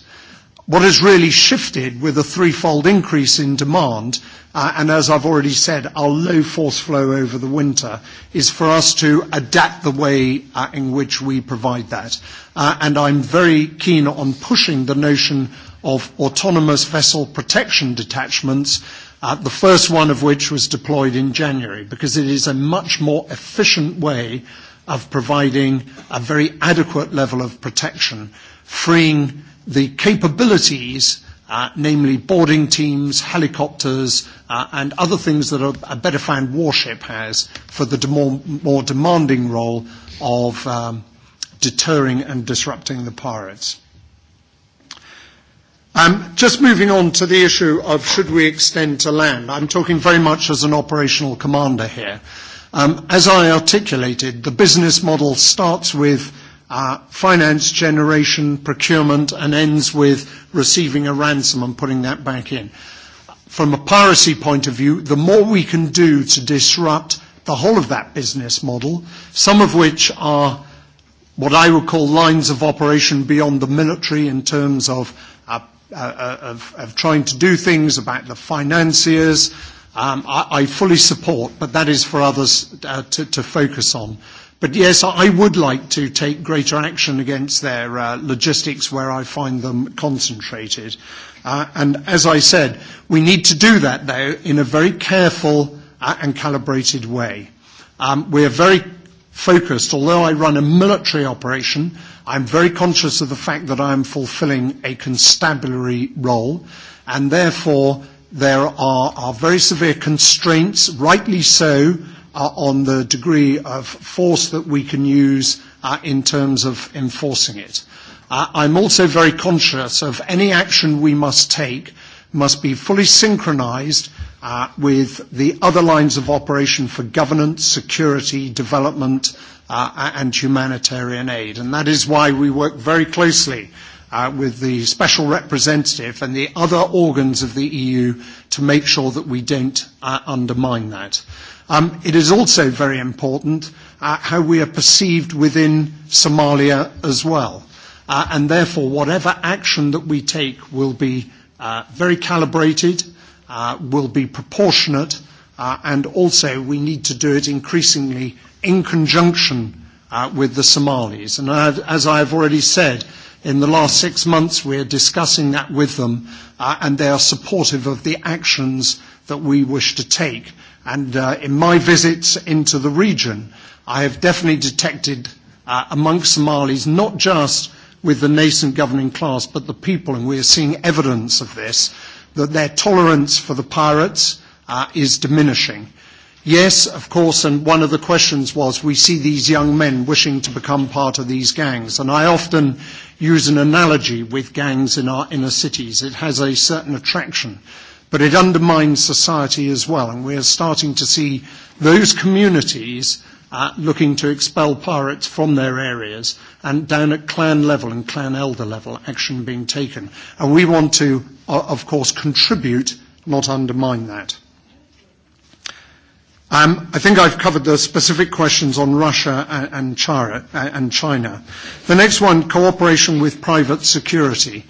What has really shifted with a threefold increase in demand, and as I've already said, our low force flow over the winter, is for us to adapt the way in which we provide that. and I'm very keen on pushing the notion of autonomous vessel protection detachments, the first one of which was deployed in January, because it is a much more efficient way of providing a very adequate level of protection, freeing the capabilities, uh, namely boarding teams, helicopters, uh, and other things that a, a found warship has for the de- more, more demanding role of um, deterring and disrupting the pirates. Um, just moving on to the issue of should we extend to land. I'm talking very much as an operational commander here. Um, as I articulated, the business model starts with uh, finance generation, procurement, and ends with receiving a ransom and putting that back in. From a piracy point of view, the more we can do to disrupt the whole of that business model, some of which are what I would call lines of operation beyond the military in terms of, uh, uh, of, of trying to do things about the financiers. Um, I, I fully support, but that is for others uh, to, to focus on. But yes, I would like to take greater action against their uh, logistics where I find them concentrated. Uh, and as I said, we need to do that, though, in a very careful uh, and calibrated way. Um, we are very focused. Although I run a military operation, I'm very conscious of the fact that I am fulfilling a constabulary role, and therefore there are, are very severe constraints, rightly so, on the degree of force that we can use in terms of enforcing it. I'm also very conscious of any action we must take must be fully synchronized with the other lines of operation for governance, security, development, and humanitarian aid. And that is why we work very closely uh, with the special representative and the other organs of the EU to make sure that we don't uh, undermine that. Um, it is also very important uh, how we are perceived within Somalia as well. Uh, and therefore, whatever action that we take will be uh, very calibrated, uh, will be proportionate, uh, and also we need to do it increasingly in conjunction uh, with the Somalis. And as I have already said, In the last six months, we are discussing that with them, uh, and they are supportive of the actions that we wish to take. And uh, in my visits into the region, I have definitely detected uh, amongst Somalis not just with the nascent governing class, but the people, and we are seeing evidence of this, that their tolerance for the pirates uh, is diminishing Yes, of course, and one of the questions was we see these young men wishing to become part of these gangs. And I often use an analogy with gangs in our inner cities. It has a certain attraction, but it undermines society as well. And we are starting to see those communities uh, looking to expel pirates from their areas and down at clan level and clan elder level action being taken. And we want to, uh, of course, contribute, not undermine that. Um, I think I've covered the specific questions on Russia and China. And China. The next one, cooperation with private security.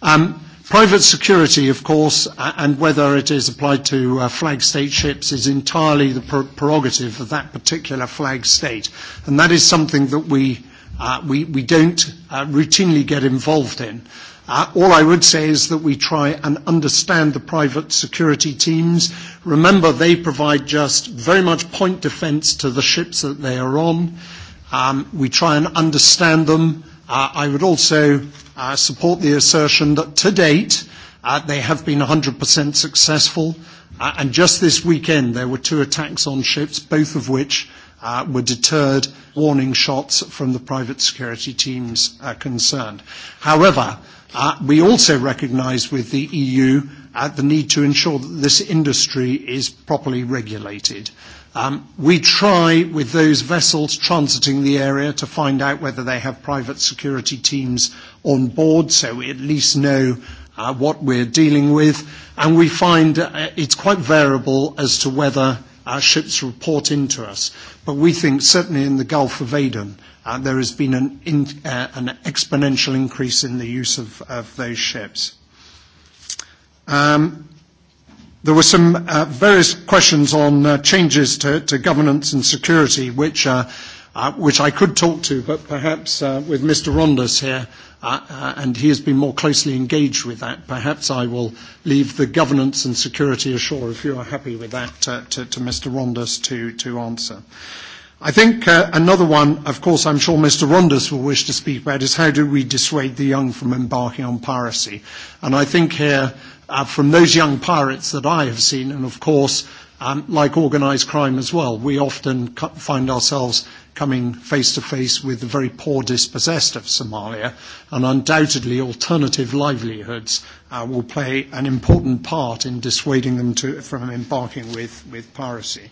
Um, private security, of course, and whether it is applied to uh, flag state ships is entirely the pr- prerogative of that particular flag state. And that is something that we, uh, we, we don't uh, routinely get involved in. Uh, all I would say is that we try and understand the private security teams. Remember, they provide just very much point defense to the ships that they are on. Um, we try and understand them. Uh, I would also uh, support the assertion that to date, uh, they have been 100% successful. Uh, and just this weekend, there were two attacks on ships, both of which uh, were deterred warning shots from the private security teams uh, concerned. However, we also recognise with the EU uh, the need to ensure that this industry is properly regulated. Um, we try with those vessels transiting the area to find out whether they have private security teams on board, so we at least know uh, what we're dealing with. And we find uh, it's quite variable as to whether our ships report into us. But we think certainly in the Gulf of Aden, there has been an, in, uh, an exponential increase in the use of, of those ships. Um, there were some uh, various questions on uh, changes to, to governance and security, which, uh, uh, which I could talk to, but perhaps uh, with Mr. Rondas here, uh, and he has been more closely engaged with that. Perhaps I will leave the governance and security ashore, if you are happy with that, to, to, to Mr. Rondas to, to answer. Uh, I think uh, another one, of course, I'm sure Mr. Rondas will wish to speak about is how do we dissuade the young from embarking on piracy? And I think here, uh, from those young pirates that I have seen, and of course, um, like organised crime as well, we often find ourselves coming face to face with the very poor dispossessed of Somalia, and undoubtedly alternative livelihoods uh, will play an important part in dissuading them to, from embarking with, with piracy.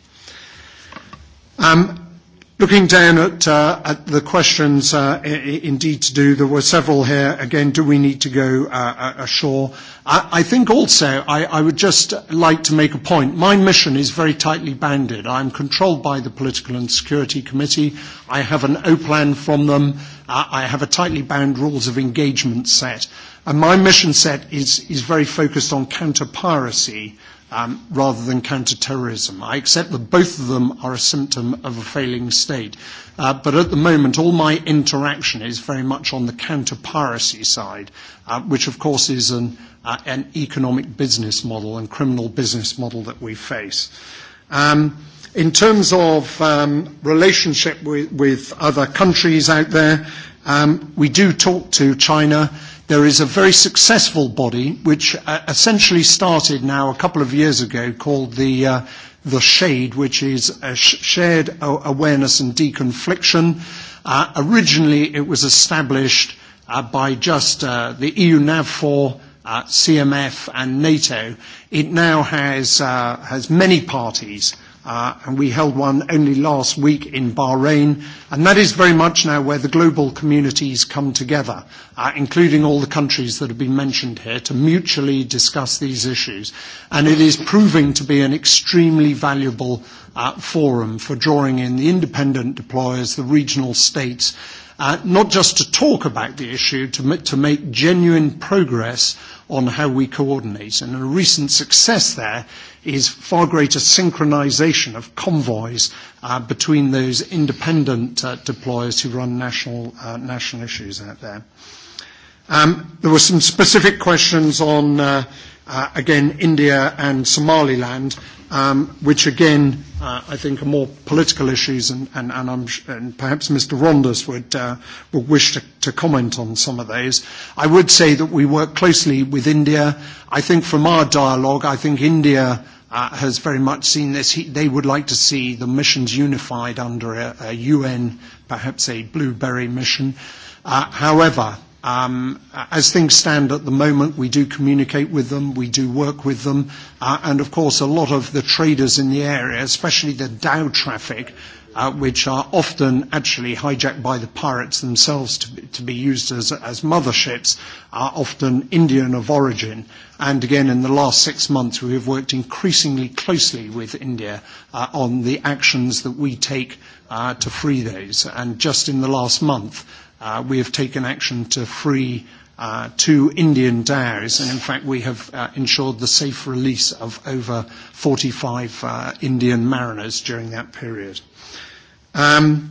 Um, Looking down at the questions, indeed to do, there were several here. Again, do we need to go ashore? I think also I would just like to make a point. My mission is very tightly bounded. I'm controlled by the Political and Security Committee. I have an O-plan from them. I have a tightly bound rules of engagement set. and My mission set is very focused on counter-piracy um, rather than counter-terrorism. I accept that both of them are a symptom of a failing state. Uh, but at the moment, all my interaction is very much on the counter-piracy side, uh, which of course is an, uh, an economic business model and criminal business model that we face. Um, in terms of um, relationship with, with other countries out there, um, we do talk to China. There is a very successful body which uh, essentially started now a couple of years ago called the uh, the Shade, which is a sh- shared awareness and deconfliction. Uh, originally, it was established uh, by just uh, the EU NAVFOR uh, CMF and NATO. It now has, uh, has many parties uh, and we held one only last week in Bahrain, and that is very much now where the global communities come together, uh, including all the countries that have been mentioned here, to mutually discuss these issues. And it is proving to be an extremely valuable uh, forum for drawing in the independent deployers, the regional states, uh, not just to talk about the issue, to, to make genuine progress on how we coordinate. And a recent success there is far greater synchronization of convoys uh, between those independent uh, deployers who run national, uh, national issues out there. Um, there were some specific questions on uh, uh, again, India and Somaliland, um, which again, uh, I think are more political issues, and, and, and, I'm sh- and perhaps Mr. Rondas would, uh, would wish to, to comment on some of those. I would say that we work closely with India. I think from our dialogue, I think India uh has very much seen this. He, they would like to see the missions unified under a, a UN, perhaps a blueberry mission. Uh, however, Um, as things stand at the moment, we do communicate with them, we do work with them, uh, and of course a lot of the traders in the area, especially the Dow traffic, uh, which are often actually hijacked by the pirates themselves to, to be used as, as motherships, are often Indian of origin. And again, in the last six months, we have worked increasingly closely with India uh, on the actions that we take uh, to free those. And just in the last month, we have taken action to free uh, two Indian dhows, and in fact, we have uh, ensured the safe release of over 45 uh, Indian mariners during that period. Um,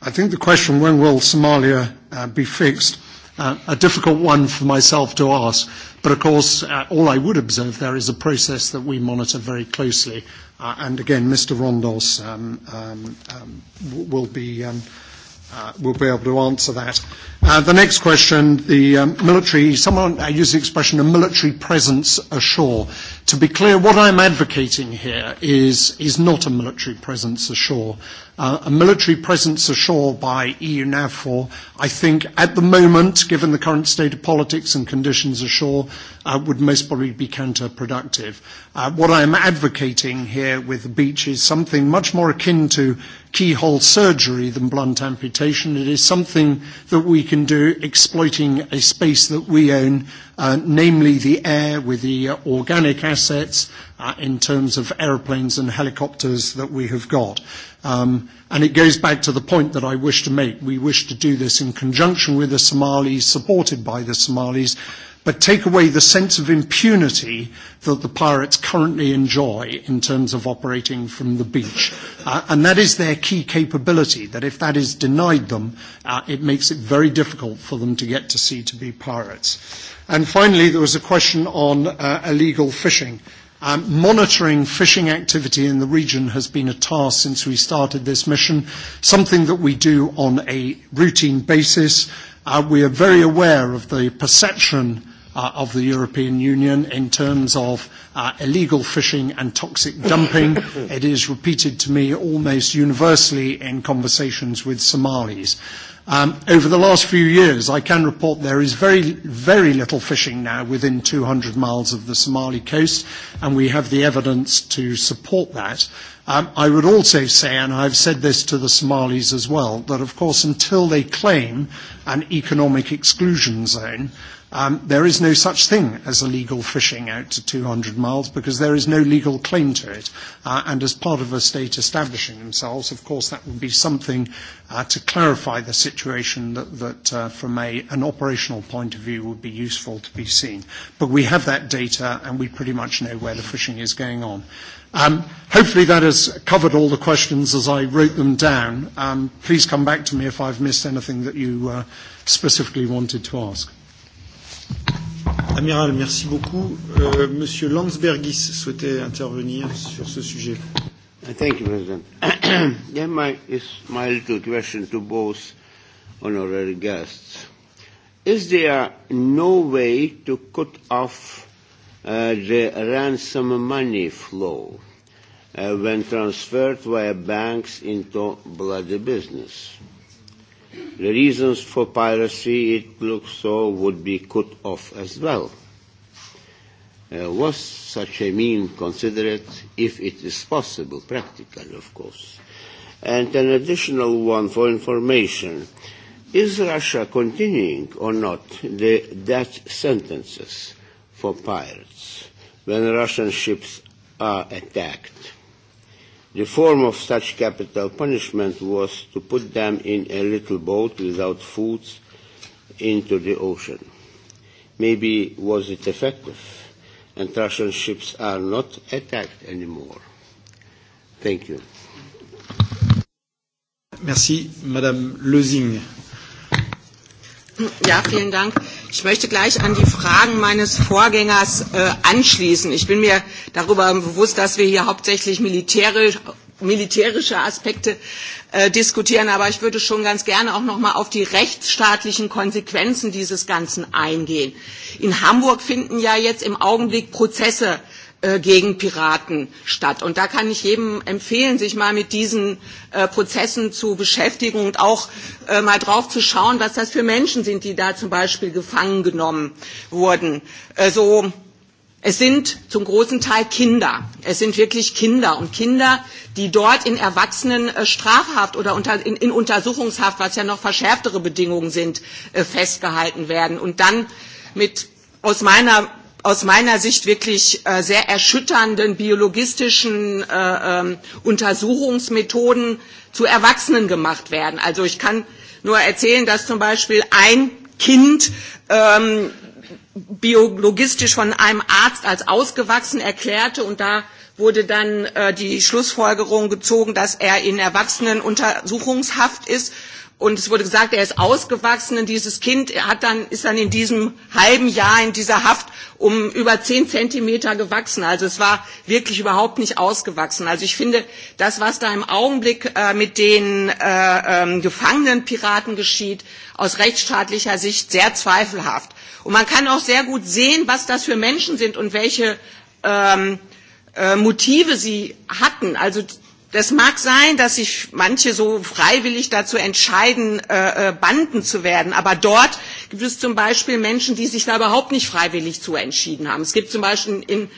I think the question, when will Somalia uh, be fixed, uh, a difficult one for myself to ask. But of course, uh, all I would observe there is a process that we monitor very closely. Uh, and again, Mr. Rondos um, um, um, will be um, uh, will be able to answer that. Uh, the next question, the um, military, someone I use the expression a military presence ashore. To be clear, what I'm advocating here is, is not a military presence ashore. Uh, a military presence ashore by EU NAVFOR, I think at the moment, given the current state of politics and conditions ashore, uh, would most probably be counterproductive. Uh, what I am advocating here with the beach is something much more akin to keyhole surgery than blunt amputation. It is something that we can do exploiting a space that we own, uh, namely the air with the uh, organic assets uh, in terms of aeroplanes and helicopters that we have got. Um, and it goes back to the point that I wish to make. We wish to do this in conjunction with the Somalis, supported by the Somalis, but take away the sense of impunity that the pirates currently enjoy in terms of operating from the beach. Uh, and that is their key capability, that if that is denied them, uh, it makes it very difficult for them to get to sea to be pirates. And finally, there was a question on uh, illegal fishing. Um, monitoring fishing activity in the region has been a task since we started this mission, something that we do on a routine basis. Uh, we are very aware of the perception uh, of the European Union in terms of uh, illegal fishing and toxic dumping. it is repeated to me almost universally in conversations with Somalis. Um, over the last few years, I can report there is very, very little fishing now within 200 miles of the Somali coast, and we have the evidence to support that. Um, I would also say, and I've said this to the Somalis as well, that of course until they claim an economic exclusion zone, Um, there is no such thing as illegal fishing out to 200 miles because there is no legal claim to it. Uh, and as part of a state establishing themselves, of course, that would be something uh, to clarify the situation that, that uh, from a, an operational point of view would be useful to be seen. But we have that data and we pretty much know where the fishing is going on. Um, hopefully that has covered all the questions as I wrote them down. Um, please come back to me if I've missed anything that you uh, specifically wanted to ask. Amiral, merci beaucoup. Euh, Monsieur Landsbergis souhaitait intervenir sur ce sujet. Thank you, President. yeah, my, is my little question to both honorary guests. Is there no way to cut off uh, the ransom money flow uh, when transferred via banks into bloody business? the reasons for piracy, it looks so, would be cut off as well. Uh, was such a mean considered, if it is possible, practically of course? And an additional one for information. Is Russia continuing or not the death sentences for pirates when Russian ships are attacked? The form of such capital punishment was to put them in a little boat without food into the ocean. Maybe was it effective, and Russian ships are not attacked anymore. Thank you. Merci, Madame Lezing. Ja, vielen Dank. Ich möchte gleich an die Fragen meines Vorgängers äh, anschließen. Ich bin mir darüber bewusst, dass wir hier hauptsächlich militärisch, militärische Aspekte äh, diskutieren, aber ich würde schon ganz gerne auch noch mal auf die rechtsstaatlichen Konsequenzen dieses Ganzen eingehen. In Hamburg finden ja jetzt im Augenblick Prozesse äh, gegen Piraten statt. Und da kann ich jedem empfehlen, sich mal mit diesen Prozessen zu beschäftigen und auch mal drauf zu schauen, was das für Menschen sind, die da zum Beispiel gefangen genommen wurden. Also, Es sind zum großen Teil Kinder. Es sind wirklich Kinder und Kinder, die dort in Erwachsenen strafhaft oder in, Untersuchungshaft, was ja noch verschärftere Bedingungen sind, festgehalten werden und dann mit aus meiner aus meiner Sicht wirklich sehr erschütternden biologistischen Untersuchungsmethoden zu Erwachsenen gemacht werden. Also ich kann nur erzählen, dass zum Beispiel ein Kind biologistisch von einem Arzt als ausgewachsen erklärte und da wurde dann die Schlussfolgerung gezogen, dass er in Erwachsenenuntersuchungshaft ist Und es wurde gesagt, er ist ausgewachsen und dieses Kind hat dann, ist dann in diesem halben Jahr in dieser Haft um über zehn Zentimeter gewachsen. Also es war wirklich überhaupt nicht ausgewachsen. Also ich finde, das, was da im Augenblick äh, mit den äh, ähm, gefangenen Piraten geschieht, aus rechtsstaatlicher Sicht sehr zweifelhaft. Und man kann auch sehr gut sehen, was das für Menschen sind und welche ähm, äh, Motive sie hatten. Also Das mag sein, dass sich manche so freiwillig dazu entscheiden, Banden zu werden, aber dort gibt es zum Beispiel Menschen, die sich da überhaupt nicht freiwillig zu entschieden haben. Es gibt zum Beispiel in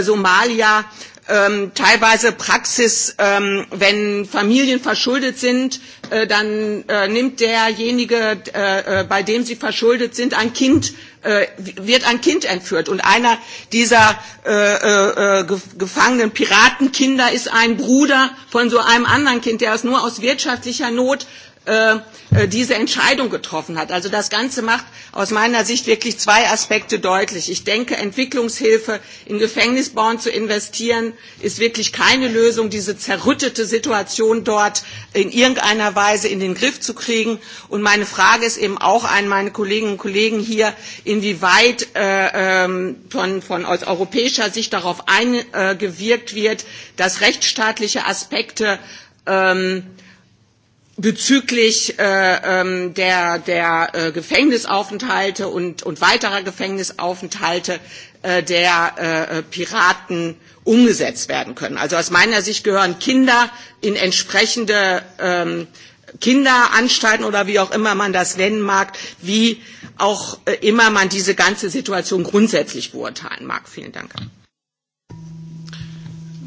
Somalia ähm, teilweise Praxis, ähm, wenn Familien verschuldet sind, äh, dann äh, nimmt derjenige, äh, bei dem sie verschuldet sind, ein Kind äh, wird ein Kind entführt. Und einer dieser äh, äh, gefangenen Piratenkinder ist ein Bruder von so einem anderen Kind, der es nur aus wirtschaftlicher Not diese Entscheidung getroffen hat. Also das Ganze macht aus meiner Sicht wirklich zwei Aspekte deutlich. Ich denke, Entwicklungshilfe in Gefängnisbauen zu investieren, ist wirklich keine Lösung, diese zerrüttete Situation dort in irgendeiner Weise in den Griff zu kriegen. Und meine Frage ist eben auch an meine Kolleginnen und Kollegen hier, inwieweit von, aus europäischer Sicht darauf eingewirkt wird, dass rechtsstaatliche Aspekte bezüglich der, der Gefängnisaufenthalte und, weiterer Gefängnisaufenthalte der Piraten umgesetzt werden können. Also aus meiner Sicht gehören Kinder in entsprechende Kinderanstalten oder wie auch immer man das nennen mag, wie auch immer man diese ganze Situation grundsätzlich beurteilen mag. Vielen Dank.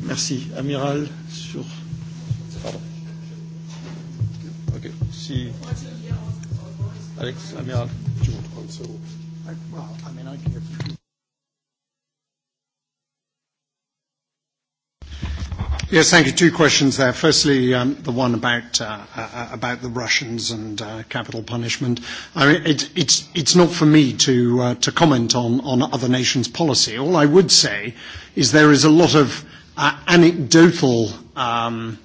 Merci. Amiral, sur Alex Amiral Yes, thank you. Two questions there. Firstly, the one about the Russians and capital punishment. I mean, it's not for me to comment on other nations' policy. All I would say is there is a lot of anecdotal um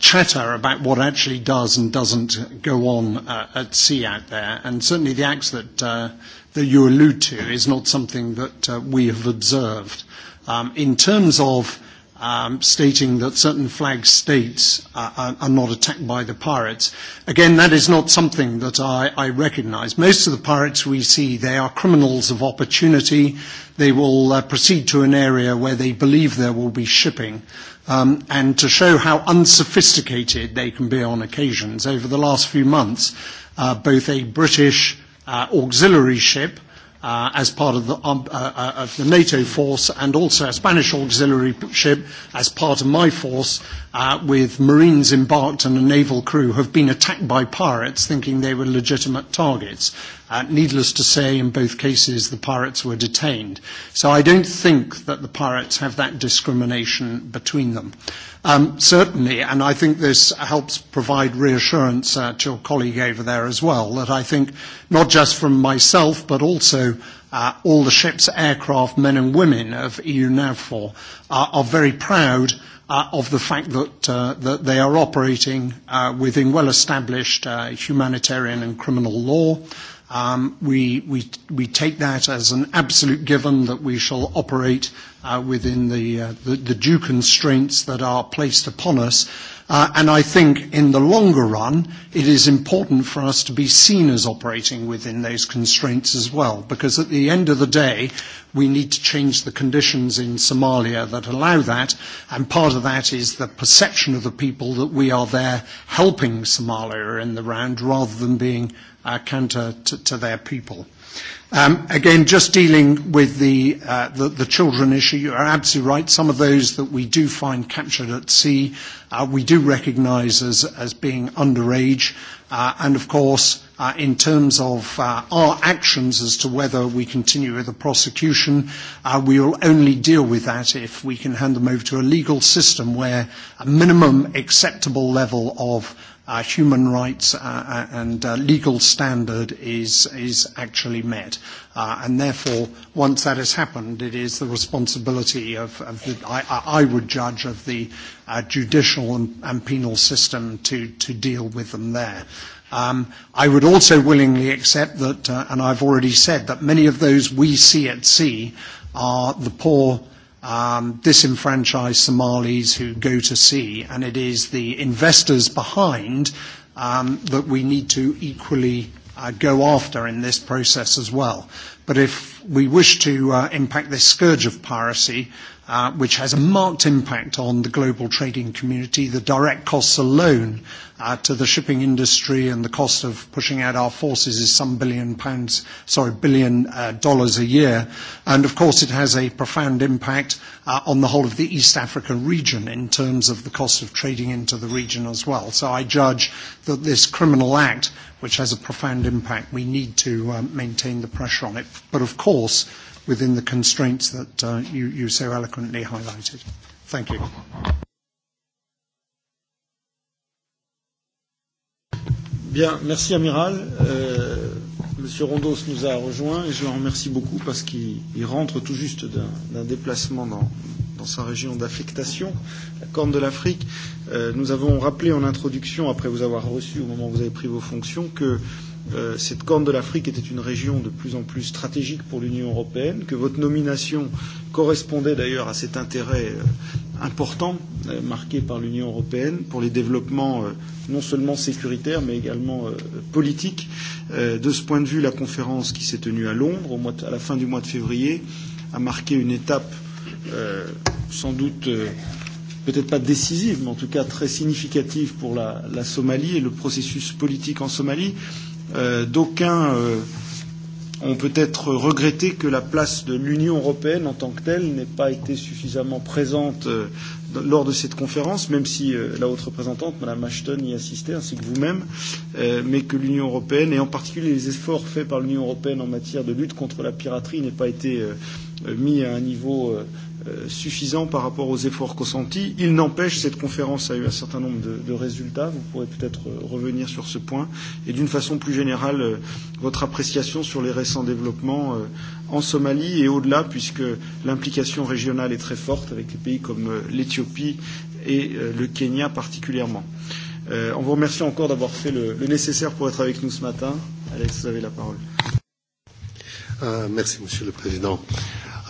chatter about what actually does and doesn't go on uh, at sea out there. And certainly the acts that, uh, that you allude to is not something that uh, we have observed. Um, in terms of um, stating that certain flag states are, are not attacked by the pirates. Again, that is not something that I, I recognize. Most of the pirates we see, they are criminals of opportunity. They will uh, proceed to an area where they believe there will be shipping. Um, and to show how unsophisticated they can be on occasions, over the last few months, uh, both a British uh, auxiliary ship uh, as part of the, um, uh, uh, of the NATO force and also a Spanish auxiliary ship as part of my force uh, with Marines embarked and a naval crew have been attacked by pirates thinking they were legitimate targets. Uh, needless to say, in both cases, the pirates were detained. So I don't think that the pirates have that discrimination between them. Um, certainly, and I think this helps provide reassurance uh, to your colleague over there as well, that I think not just from myself, but also uh, all the ship's aircraft, men and women of EU NAVFOR, uh, are very proud uh, of the fact that, uh, that they are operating uh, within well-established uh, humanitarian and criminal law Um, we, we, we take that as an absolute given that we shall operate uh, within the, uh, the, the due constraints that are placed upon us. Uh, and I think in the longer run, it is important for us to be seen as operating within those constraints as well, because at the end of the day, we need to change the conditions in Somalia that allow that. And part of that is the perception of the people that we are there helping Somalia in the round rather than being uh, counter to, to their people. Um, again, just dealing with the, uh, the, the children issue, you are absolutely right. Some of those that we do find captured at sea, uh, we do recognise as, as being underage. Uh, and of course, uh, in terms of uh, our actions as to whether we continue with the prosecution, uh, we will only deal with that if we can hand them over to a legal system where a minimum acceptable level of uh, human rights uh, and uh, legal standard is, is actually met. Uh, and therefore, once that has happened, it is the responsibility of, of the, I, I would judge, of the uh, judicial and, and penal system to, to deal with them there. Um, I would also willingly accept that, uh, and I've already said, that many of those we see at sea are the poor um, disenfranchised Somalis who go to sea, and it is the investors behind um, that we need to equally uh, go after in this process as well. But if we wish to uh, impact this scourge of piracy, uh, which has a marked impact on the global trading community. The direct costs alone uh, to the shipping industry and the cost of pushing out our forces is some billion pounds, sorry, billion uh, dollars a year. And of course, it has a profound impact uh, on the whole of the East Africa region in terms of the cost of trading into the region as well. So I judge that this criminal act, which has a profound impact, we need to maintain the pressure on it. But of course, within the constraints that you, so eloquently highlighted. Thank you. Bien, merci Amiral. Monsieur Rondos nous a rejoints et je le remercie beaucoup parce qu'il rentre tout juste d'un déplacement dans, sa région d'affectation, la Corne de l'Afrique. nous avons rappelé en introduction, après vous avoir reçu au moment où vous avez pris vos fonctions, que cette Corne de l'Afrique était une région de plus en plus stratégique pour l'Union européenne, que votre nomination correspondait d'ailleurs à cet intérêt important marqué par l'Union européenne pour les développements non seulement sécuritaires mais également politiques. De ce point de vue, la conférence qui s'est tenue à Londres au mois à la fin du mois de février a marqué une étape sans doute peut-être pas décisive, mais en tout cas très significative pour la, la Somalie et le processus politique en Somalie d'aucuns euh, ont peut-être regretté que la place de l'Union européenne en tant que telle n'ait pas été suffisamment présente euh, lors de cette conférence, même si euh, la haute représentante, Mme Ashton, y assistait, ainsi que vous-même, euh, mais que l'Union européenne, et en particulier les efforts faits par l'Union européenne en matière de lutte contre la piraterie, n'aient pas été euh, mis à un niveau suffisant par rapport aux efforts consentis. Il n'empêche, cette conférence a eu un certain nombre de, de résultats. Vous pourrez peut-être revenir sur ce point. Et d'une façon plus générale, votre appréciation sur les récents développements en Somalie et au-delà, puisque l'implication régionale est très forte avec les pays comme l'Éthiopie et le Kenya particulièrement. on vous remercie encore d'avoir fait le, le nécessaire pour être avec nous ce matin. Alex, vous avez la parole. Euh, merci, Monsieur le Président.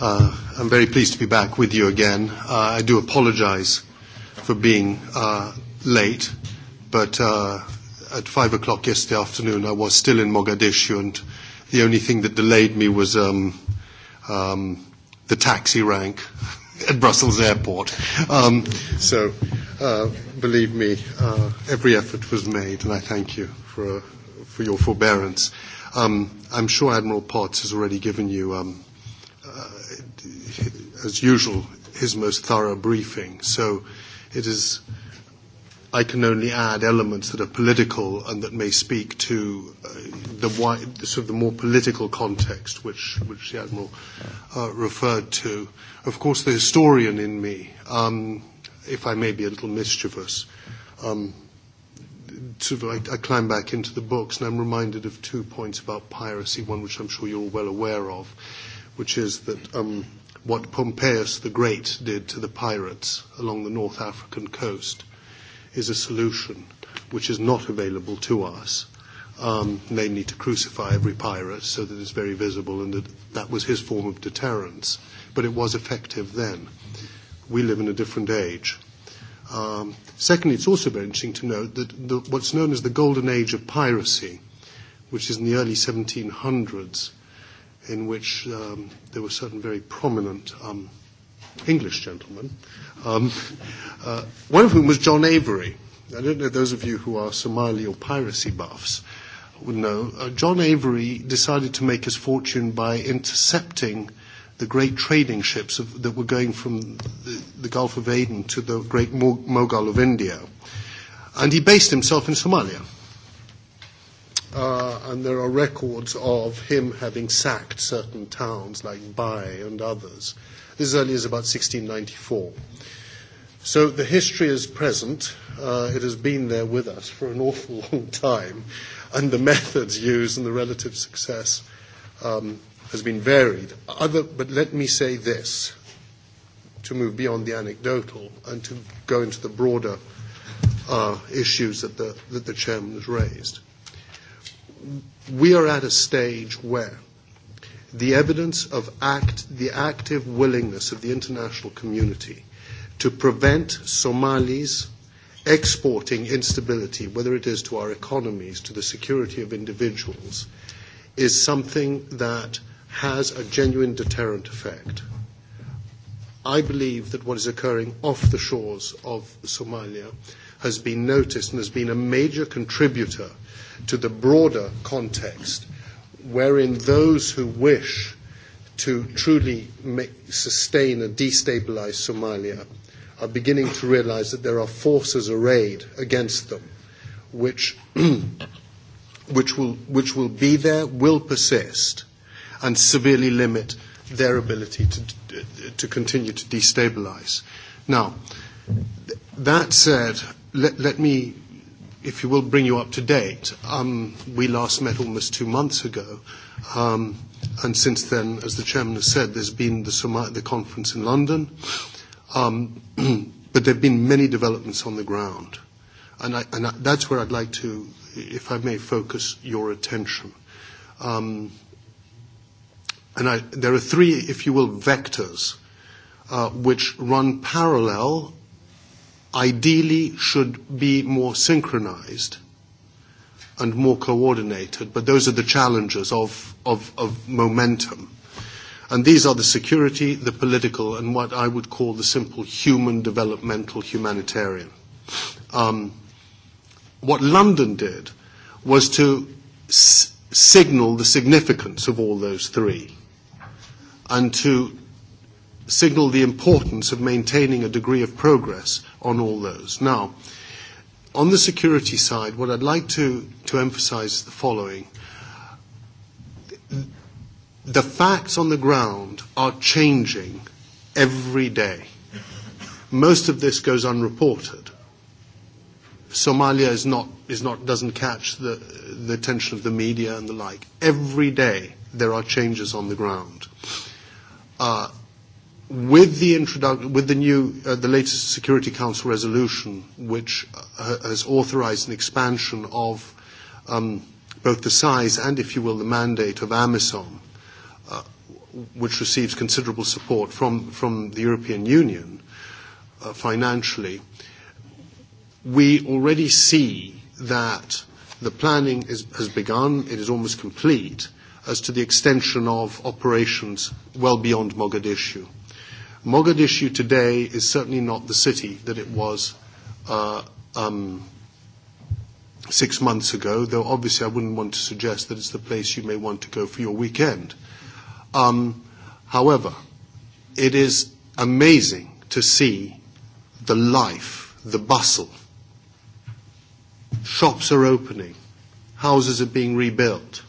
Uh, I'm very pleased to be back with you again. Uh, I do apologize for being uh, late, but uh, at five o'clock yesterday afternoon, I was still in Mogadishu, and the only thing that delayed me was um, um, the taxi rank at Brussels airport. Um, so, uh, believe me, uh, every effort was made, and I thank you for, uh, for your forbearance. Um, I'm sure Admiral Potts has already given you um, as usual, his most thorough briefing. So it is, I can only add elements that are political and that may speak to uh, the, wide, sort of the more political context which, which the Admiral uh, referred to. Of course, the historian in me, um, if I may be a little mischievous, um, sort of I, I climb back into the books and I'm reminded of two points about piracy, one which I'm sure you're all well aware of which is that um, what Pompeius the Great did to the pirates along the North African coast is a solution which is not available to us, um, namely to crucify every pirate so that it's very visible and that that was his form of deterrence. But it was effective then. We live in a different age. Um, secondly, it's also very interesting to note that the, what's known as the golden age of piracy, which is in the early 1700s, in which um, there were certain very prominent um, English gentlemen, um, uh, one of whom was John Avery. I don't know those of you who are Somali or piracy buffs would know. Uh, John Avery decided to make his fortune by intercepting the great trading ships of, that were going from the, the Gulf of Aden to the great Moghul of India. And he based himself in Somalia uh, and there are records of him having sacked certain towns like Bai and others. This is early as about 1694. So the history is present. Uh, it has been there with us for an awful long time, and the methods used and the relative success um, has been varied. Other, but let me say this to move beyond the anecdotal and to go into the broader uh, issues that the, that the chairman has raised we are at a stage where the evidence of act, the active willingness of the international community to prevent Somalis exporting instability, whether it is to our economies, to the security of individuals, is something that has a genuine deterrent effect. I believe that what is occurring off the shores of Somalia has been noticed and has been a major contributor to the broader context wherein those who wish to truly make, sustain and destabilize Somalia are beginning to realize that there are forces arrayed against them which, which, will, which will be there, will persist, and severely limit their ability to, to continue to destabilize. Now, that said, let, let me if you will, bring you up to date. Um, we last met almost two months ago, um, and since then, as the chairman has said, there's been the, the conference in London, um, but there have been many developments on the ground, and, I, and I, that's where I'd like to, if I may, focus your attention. Um, and I, there are three, if you will, vectors uh, which run parallel ideally should be more synchronized and more coordinated, but those are the challenges of, of, of momentum. And these are the security, the political, and what I would call the simple human, developmental, humanitarian. Um, what London did was to s- signal the significance of all those three and to signal the importance of maintaining a degree of progress on all those. Now, on the security side, what I'd like to, to emphasize is the following. The facts on the ground are changing every day. Most of this goes unreported. Somalia is not, is not, doesn't catch the, the attention of the media and the like. Every day there are changes on the ground. Uh, with the introduction, with the new, uh, the latest Security Council resolution, which uh, has authorised an expansion of um, both the size and, if you will, the mandate of AMISOM, uh, which receives considerable support from, from the European Union uh, financially, we already see that the planning is, has begun, it is almost complete, as to the extension of operations well beyond Mogadishu Mogadishu today is certainly not the city that it was uh, um, six months ago, though obviously I wouldn't want to suggest that it's the place you may want to go for your weekend. Um, however, it is amazing to see the life, the bustle. Shops are opening, houses are being rebuilt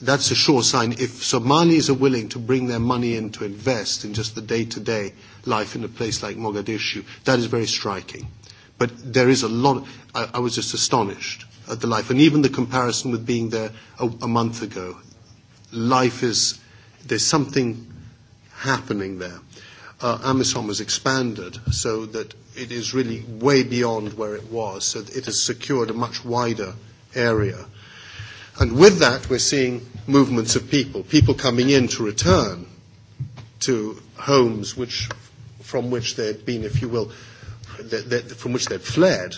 that's a sure sign. If Somalis are willing to bring their money in to invest in just the day-to-day life in a place like Mogadishu, that is very striking. But there is a lot. I, I was just astonished at the life, and even the comparison with being there a, a month ago. Life is there's something happening there. Uh, Amisom has expanded so that it is really way beyond where it was, so that it has secured a much wider area And with that, we're seeing movements of people, people coming in to return to homes which, from which they'd been, if you will, that, that, from which they'd fled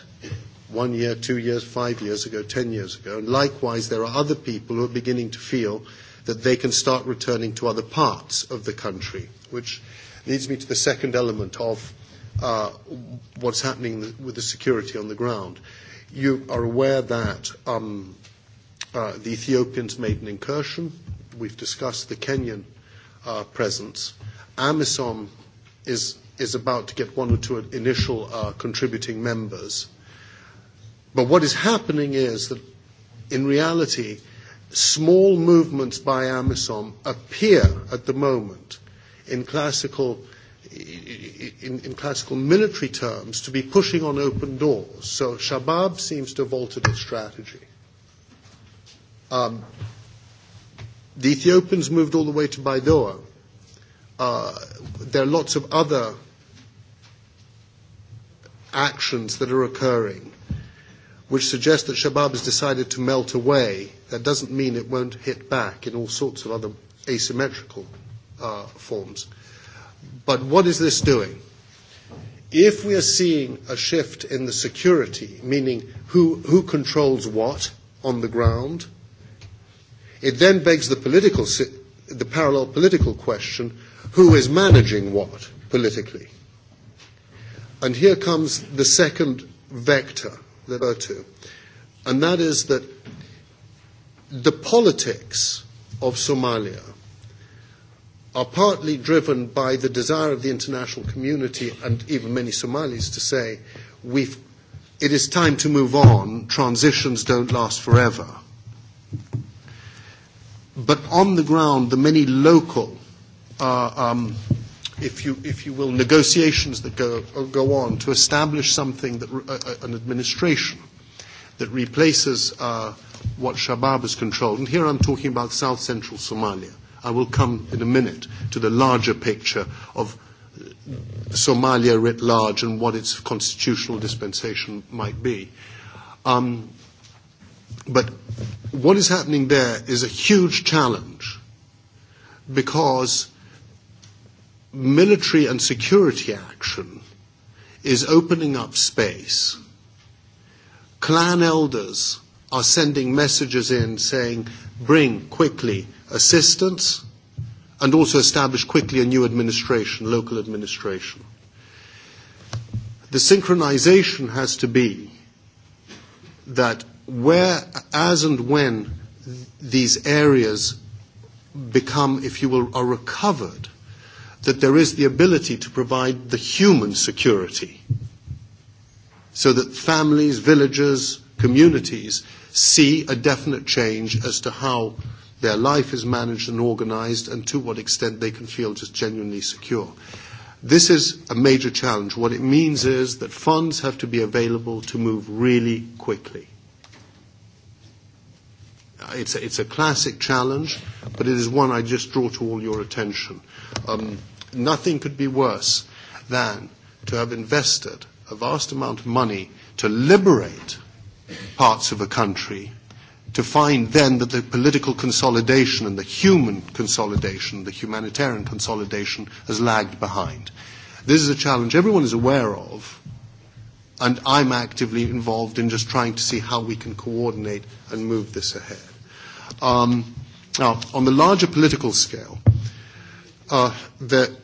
one year, two years, five years ago, ten years ago. And likewise, there are other people who are beginning to feel that they can start returning to other parts of the country, which leads me to the second element of uh, what's happening with the security on the ground. You are aware that um, Uh, the Ethiopians made an incursion. We've discussed the Kenyan uh, presence. AMISOM is, is about to get one or two initial uh, contributing members. But what is happening is that, in reality, small movements by AMISOM appear at the moment in classical in, in classical military terms, to be pushing on open doors. So Shabab seems to have altered its strategy. Um, the Ethiopians moved all the way to Baidoa. Uh, there are lots of other actions that are occurring which suggest that Shabab has decided to melt away. That doesn't mean it won't hit back in all sorts of other asymmetrical uh, forms. But what is this doing? If we are seeing a shift in the security, meaning who, who controls what on the ground, It then begs the, political, the parallel political question who is managing what politically? And here comes the second vector that I to, and that is that the politics of Somalia are partly driven by the desire of the international community and even many Somalis to say, we've, it is time to move on, transitions don't last forever. But on the ground, the many local, uh, um, if you if you will, negotiations that go go on to establish something that uh, an administration that replaces uh, what Shabab has controlled. And here I'm talking about South Central Somalia. I will come in a minute to the larger picture of Somalia writ large and what its constitutional dispensation might be. Um, But what is happening there is a huge challenge because military and security action is opening up space. Clan elders are sending messages in saying, bring quickly assistance and also establish quickly a new administration, local administration. The synchronization has to be that where, as and when these areas become, if you will, are recovered, that there is the ability to provide the human security so that families, villages, communities see a definite change as to how their life is managed and organized and to what extent they can feel just genuinely secure. This is a major challenge. What it means is that funds have to be available to move really quickly it's a, it's a classic challenge, but it is one I just draw to all your attention. Um, nothing could be worse than to have invested a vast amount of money to liberate parts of a country, to find then that the political consolidation and the human consolidation, the humanitarian consolidation, has lagged behind. This is a challenge everyone is aware of, and I'm actively involved in just trying to see how we can coordinate and move this ahead. Um, now, on the larger political scale, uh, the,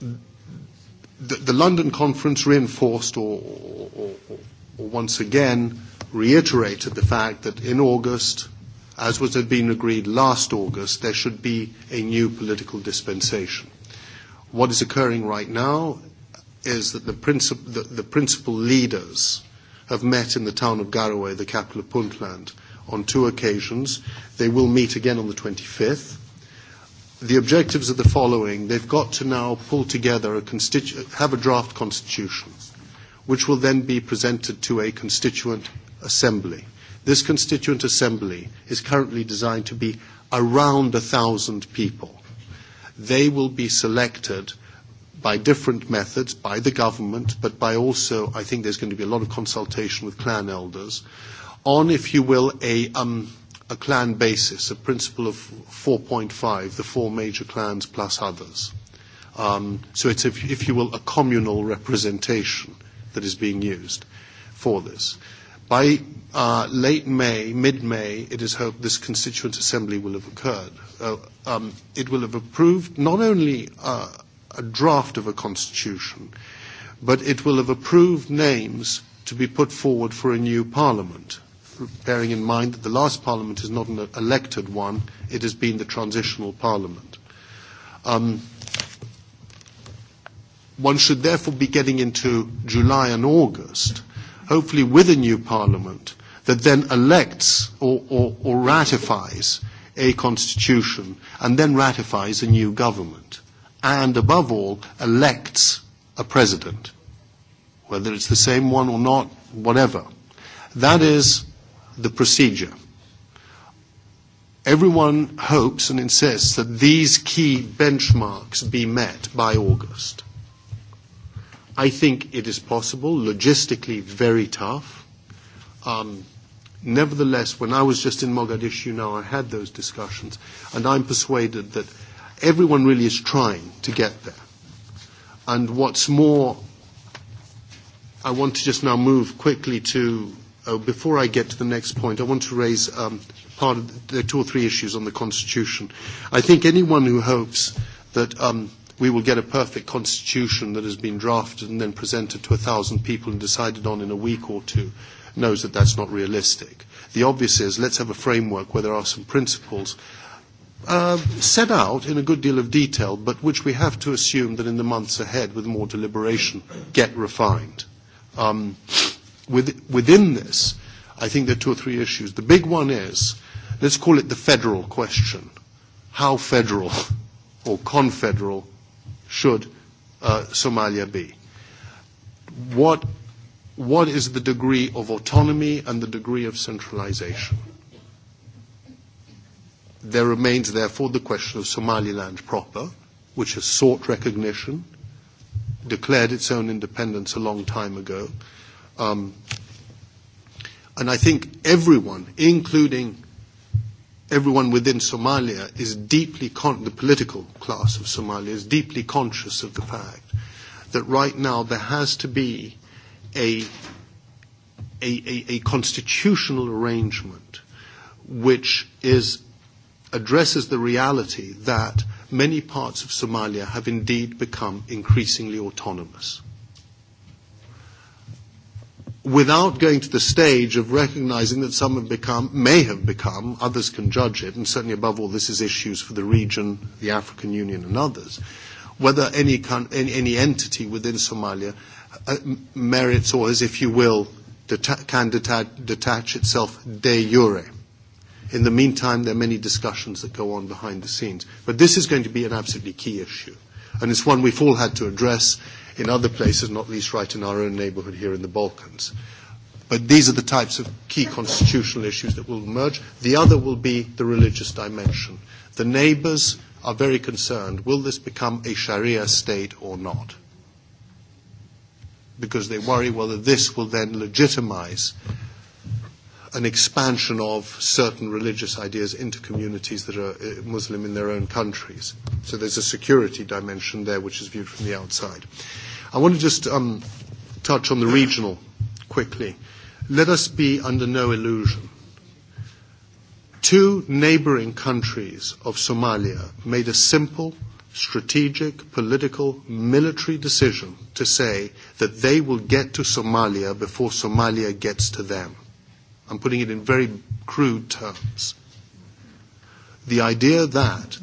the, the London conference reinforced or, or, or, or once again reiterated the fact that in August, as was had been agreed last August, there should be a new political dispensation. What is occurring right now is that the, princip- the, the principal leaders have met in the town of Garraway, the capital of Puntland, on two occasions. They will meet again on the 25th. The objectives are the following. They've got to now pull together a constitu- have a draft constitution, which will then be presented to a constituent assembly. This constituent assembly is currently designed to be around a thousand people. They will be selected by different methods, by the government, but by also, I think there's going to be a lot of consultation with clan elders, on, if you will, a, um, a clan basis, a principle of 4.5, the four major clans plus others. Um, so it's, if, if you will, a communal representation that is being used for this. By uh, late May, mid-May, it is hoped this constituent assembly will have occurred. Uh, um, it will have approved not only uh, a draft of a constitution, but it will have approved names to be put forward for a new parliament bearing in mind that the last parliament is not an elected one, it has been the transitional parliament. Um, one should therefore be getting into July and August, hopefully with a new parliament that then elects or, or, or ratifies a constitution and then ratifies a new government and above all elects a president, whether it's the same one or not, whatever. That is the procedure. Everyone hopes and insists that these key benchmarks be met by August. I think it is possible, logistically very tough. Um, nevertheless, when I was just in Mogadishu now, I had those discussions, and I'm persuaded that everyone really is trying to get there. And what's more, I want to just now move quickly to before I get to the next point, I want to raise um, part of the two or three issues on the Constitution. I think anyone who hopes that um, we will get a perfect constitution that has been drafted and then presented to a thousand people and decided on in a week or two knows that that's not realistic. The obvious is let's have a framework where there are some principles uh, set out in a good deal of detail, but which we have to assume that in the months ahead, with more deliberation, get refined. Um, with, within this, I think there are two or three issues. The big one is, let's call it the federal question. How federal or confederal should uh, Somalia be? What, what is the degree of autonomy and the degree of centralization? There remains, therefore, the question of Somaliland proper, which has sought recognition, declared its own independence a long time ago, Um, and I think everyone, including everyone within Somalia, is deeply con- the political class of Somalia is deeply conscious of the fact that right now there has to be a, a, a, a constitutional arrangement which is addresses the reality that many parts of Somalia have indeed become increasingly autonomous without going to the stage of recognizing that some have become, may have become, others can judge it, and certainly above all, this is issues for the region, the African Union, and others, whether any, any, any entity within Somalia uh, merits or, as if you will, deta- can deta- detach itself de jure. In the meantime, there are many discussions that go on behind the scenes. But this is going to be an absolutely key issue. And it's one we've all had to address in other places, not least right in our own neighbourhood here in the Balkans. But these are the types of key constitutional issues that will emerge. The other will be the religious dimension. The neighbors are very concerned will this become a Sharia state or not? Because they worry whether this will then legitimise an expansion of certain religious ideas into communities that are Muslim in their own countries. So there's a security dimension there which is viewed from the outside. I want to just um, touch on the regional quickly. Let us be under no illusion. Two neighboring countries of Somalia made a simple, strategic, political, military decision to say that they will get to Somalia before Somalia gets to them I'm putting it in very crude terms. The idea that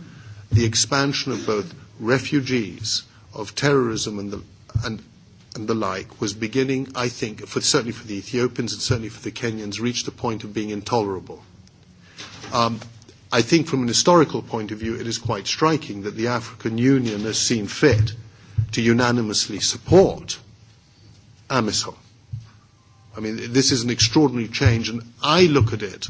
the expansion of both refugees, of terrorism and the, and, and the like was beginning, I think, for, certainly for the Ethiopians and certainly for the Kenyans, reached a point of being intolerable. Um, I think from an historical point of view, it is quite striking that the African Union has seen fit to unanimously support AMISOM I mean, this is an extraordinary change, and I look at it.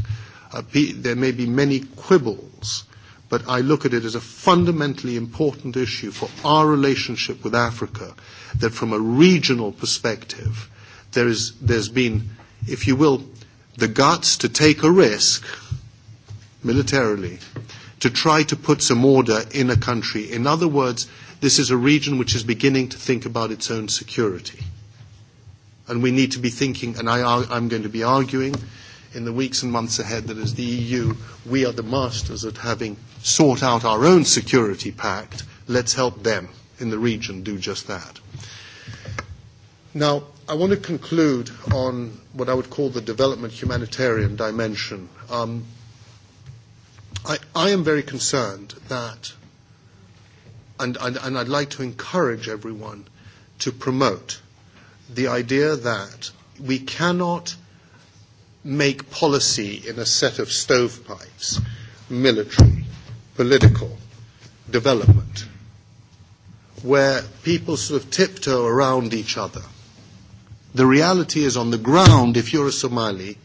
Uh, there may be many quibbles, but I look at it as a fundamentally important issue for our relationship with Africa. That, from a regional perspective, there is there's been, if you will, the guts to take a risk militarily to try to put some order in a country. In other words, this is a region which is beginning to think about its own security. And we need to be thinking, and I, I'm going to be arguing in the weeks and months ahead that as the EU, we are the masters at having sought out our own security pact. Let's help them in the region do just that. Now, I want to conclude on what I would call the development humanitarian dimension. Um, I, I am very concerned that, and, and, and I'd like to encourage everyone to promote the idea that we cannot make policy in a set of stovepipes, military, political, development, where people sort of tiptoe around each other. The reality is on the ground, if you're a Somali,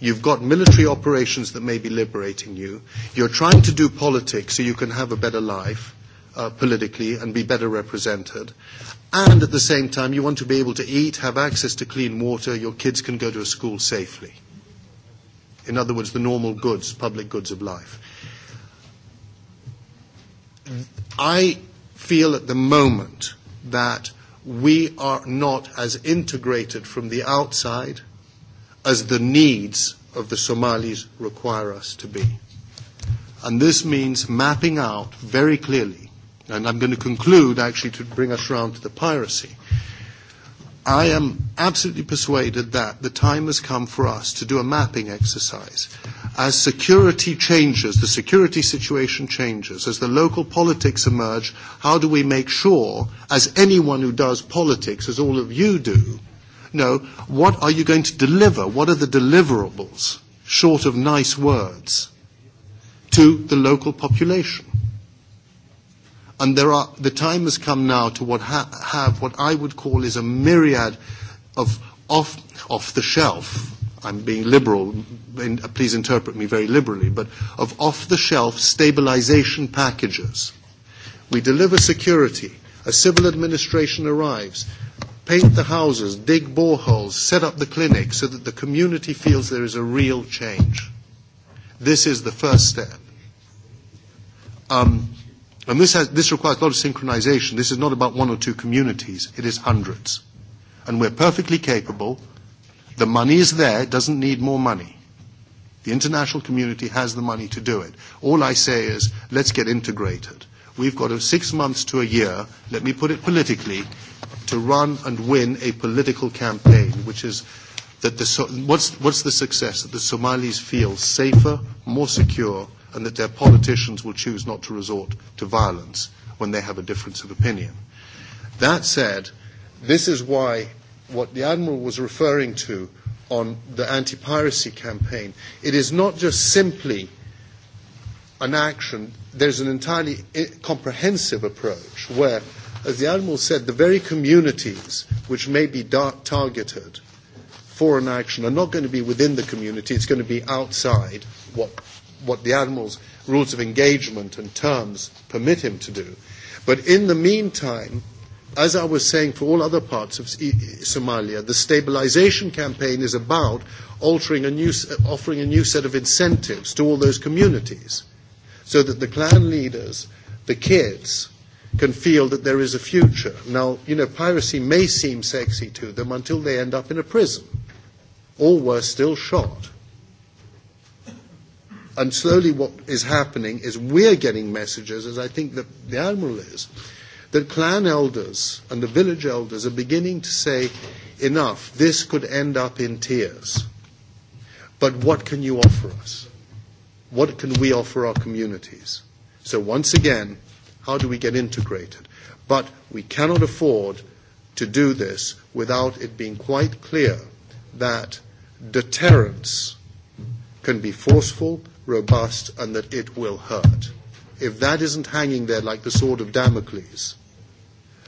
You've got military operations that may be liberating you. You're trying to do politics so you can have a better life uh, politically and be better represented and at the same time you want to be able to eat, have access to clean water, your kids can go to a school safely. In other words, the normal goods, public goods of life. I feel at the moment that we are not as integrated from the outside as the needs of the Somalis require us to be. And this means mapping out very clearly and I'm going to conclude actually to bring us round to the piracy. I am absolutely persuaded that the time has come for us to do a mapping exercise. As security changes, the security situation changes, as the local politics emerge, how do we make sure, as anyone who does politics, as all of you do, know what are you going to deliver? What are the deliverables, short of nice words, to the local population? And there are, the time has come now to what ha- have what I would call is a myriad of off, off the shelf. I'm being liberal, please interpret me very liberally, but of off the shelf stabilization packages. We deliver security. A civil administration arrives paint the houses, dig boreholes, set up the clinic so that the community feels there is a real change. This is the first step. Um, And this, has, this requires a lot of synchronization. This is not about one or two communities. It is hundreds. And we're perfectly capable. The money is there. It doesn't need more money. The international community has the money to do it. All I say is, let's get integrated. We've got a six months to a year, let me put it politically, to run and win a political campaign, which is that the, what's, what's the success? That the Somalis feel safer, more secure, and that their politicians will choose not to resort to violence when they have a difference of opinion. That said, this is why what the Admiral was referring to on the anti-piracy campaign, it is not just simply an action, there's an entirely comprehensive approach where, as the Admiral said, the very communities which may be targeted for an action are not going to be within the community, it's going to be outside what what the Admiral's rules of engagement and terms permit him to do. But in the meantime, as I was saying for all other parts of Somalia, the stabilization campaign is about altering a new, offering a new set of incentives to all those communities so that the clan leaders, the kids, can feel that there is a future. Now, you know, piracy may seem sexy to them until they end up in a prison or worse still, shot. And slowly what is happening is we're getting messages, as I think the the Admiral is, that clan elders and the village elders are beginning to say, enough, this could end up in tears. But what can you offer us? What can we offer our communities? So once again, how do we get integrated? But we cannot afford to do this without it being quite clear that deterrence can be forceful robust, and that it will hurt. If that isn't hanging there like the sword of Damocles,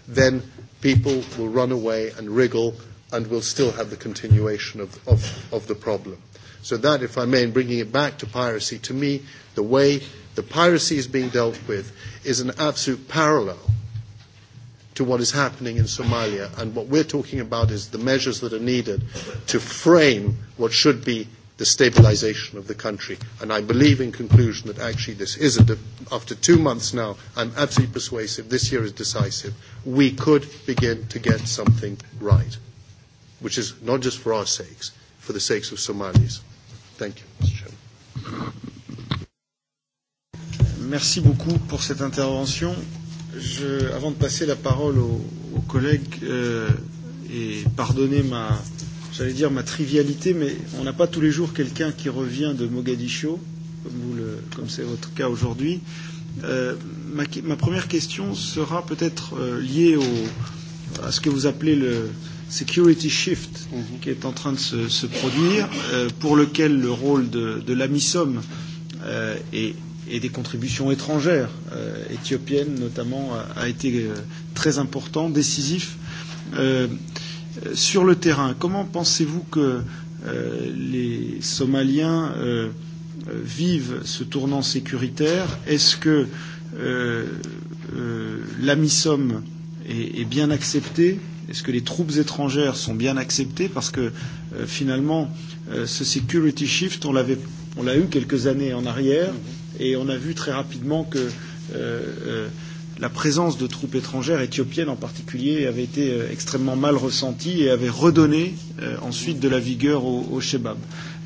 then people will run away and wriggle and will still have the continuation of, of, of the problem. So that, if I may, in bringing it back to piracy, to me, the way the piracy is being dealt with is an absolute parallel to what is happening in Somalia. And what we're talking about is the measures that are needed to frame what should be the stabilisation of the country. And I believe, in conclusion, that actually this is, a de- after two months now, I'm absolutely persuasive this year is decisive. We could begin to get something right, which is not just for our sakes, for the sakes of Somalis. Thank you, Mr. Chairman. Merci beaucoup pour cette intervention. Je, avant de passer la parole aux, aux collègues euh, et pardonner ma, j'allais dire ma trivialité, mais on n'a pas tous les jours quelqu'un qui revient de Mogadiscio, comme, vous le, comme c'est votre cas aujourd'hui. Euh, ma, ma première question sera peut-être euh, liée au, à ce que vous appelez le security shift qui est en train de se, se produire, euh, pour lequel le rôle de, de l'AMISOM euh, et, et des contributions étrangères, euh, éthiopiennes notamment, a, a été euh, très important, décisif. Euh, sur le terrain, comment pensez-vous que euh, les Somaliens euh, vivent ce tournant sécuritaire Est-ce que euh, euh, l'AMISOM est, est bien acceptée Est-ce que les troupes étrangères sont bien acceptées Parce que euh, finalement, euh, ce security shift, on l'avait, on l'a eu quelques années en arrière, et on a vu très rapidement que euh, euh, la présence de troupes étrangères, éthiopiennes en particulier, avait été extrêmement mal ressentie et avait redonné euh, ensuite de la vigueur au, au Shebab.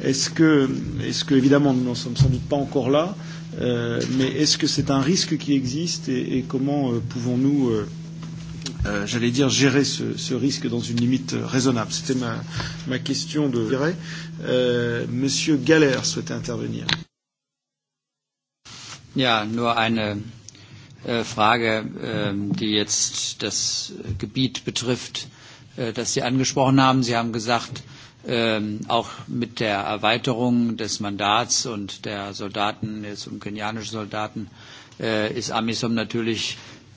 Est-ce que, est que, évidemment, nous n'en sommes sans doute pas encore là, euh, mais est-ce que c'est un risque qui existe et, et comment euh, pouvons-nous, euh, euh, j'allais dire, gérer ce, ce risque dans une limite raisonnable C'était ma, ma question de. Euh, Monsieur Galère souhaitait intervenir. Ja, nur eine Frage, die jetzt das Gebiet betrifft, das Sie angesprochen haben. Sie haben gesagt, auch mit der Erweiterung des Mandats und der Soldaten, des kenianischen Soldaten, ist Amisom natürlich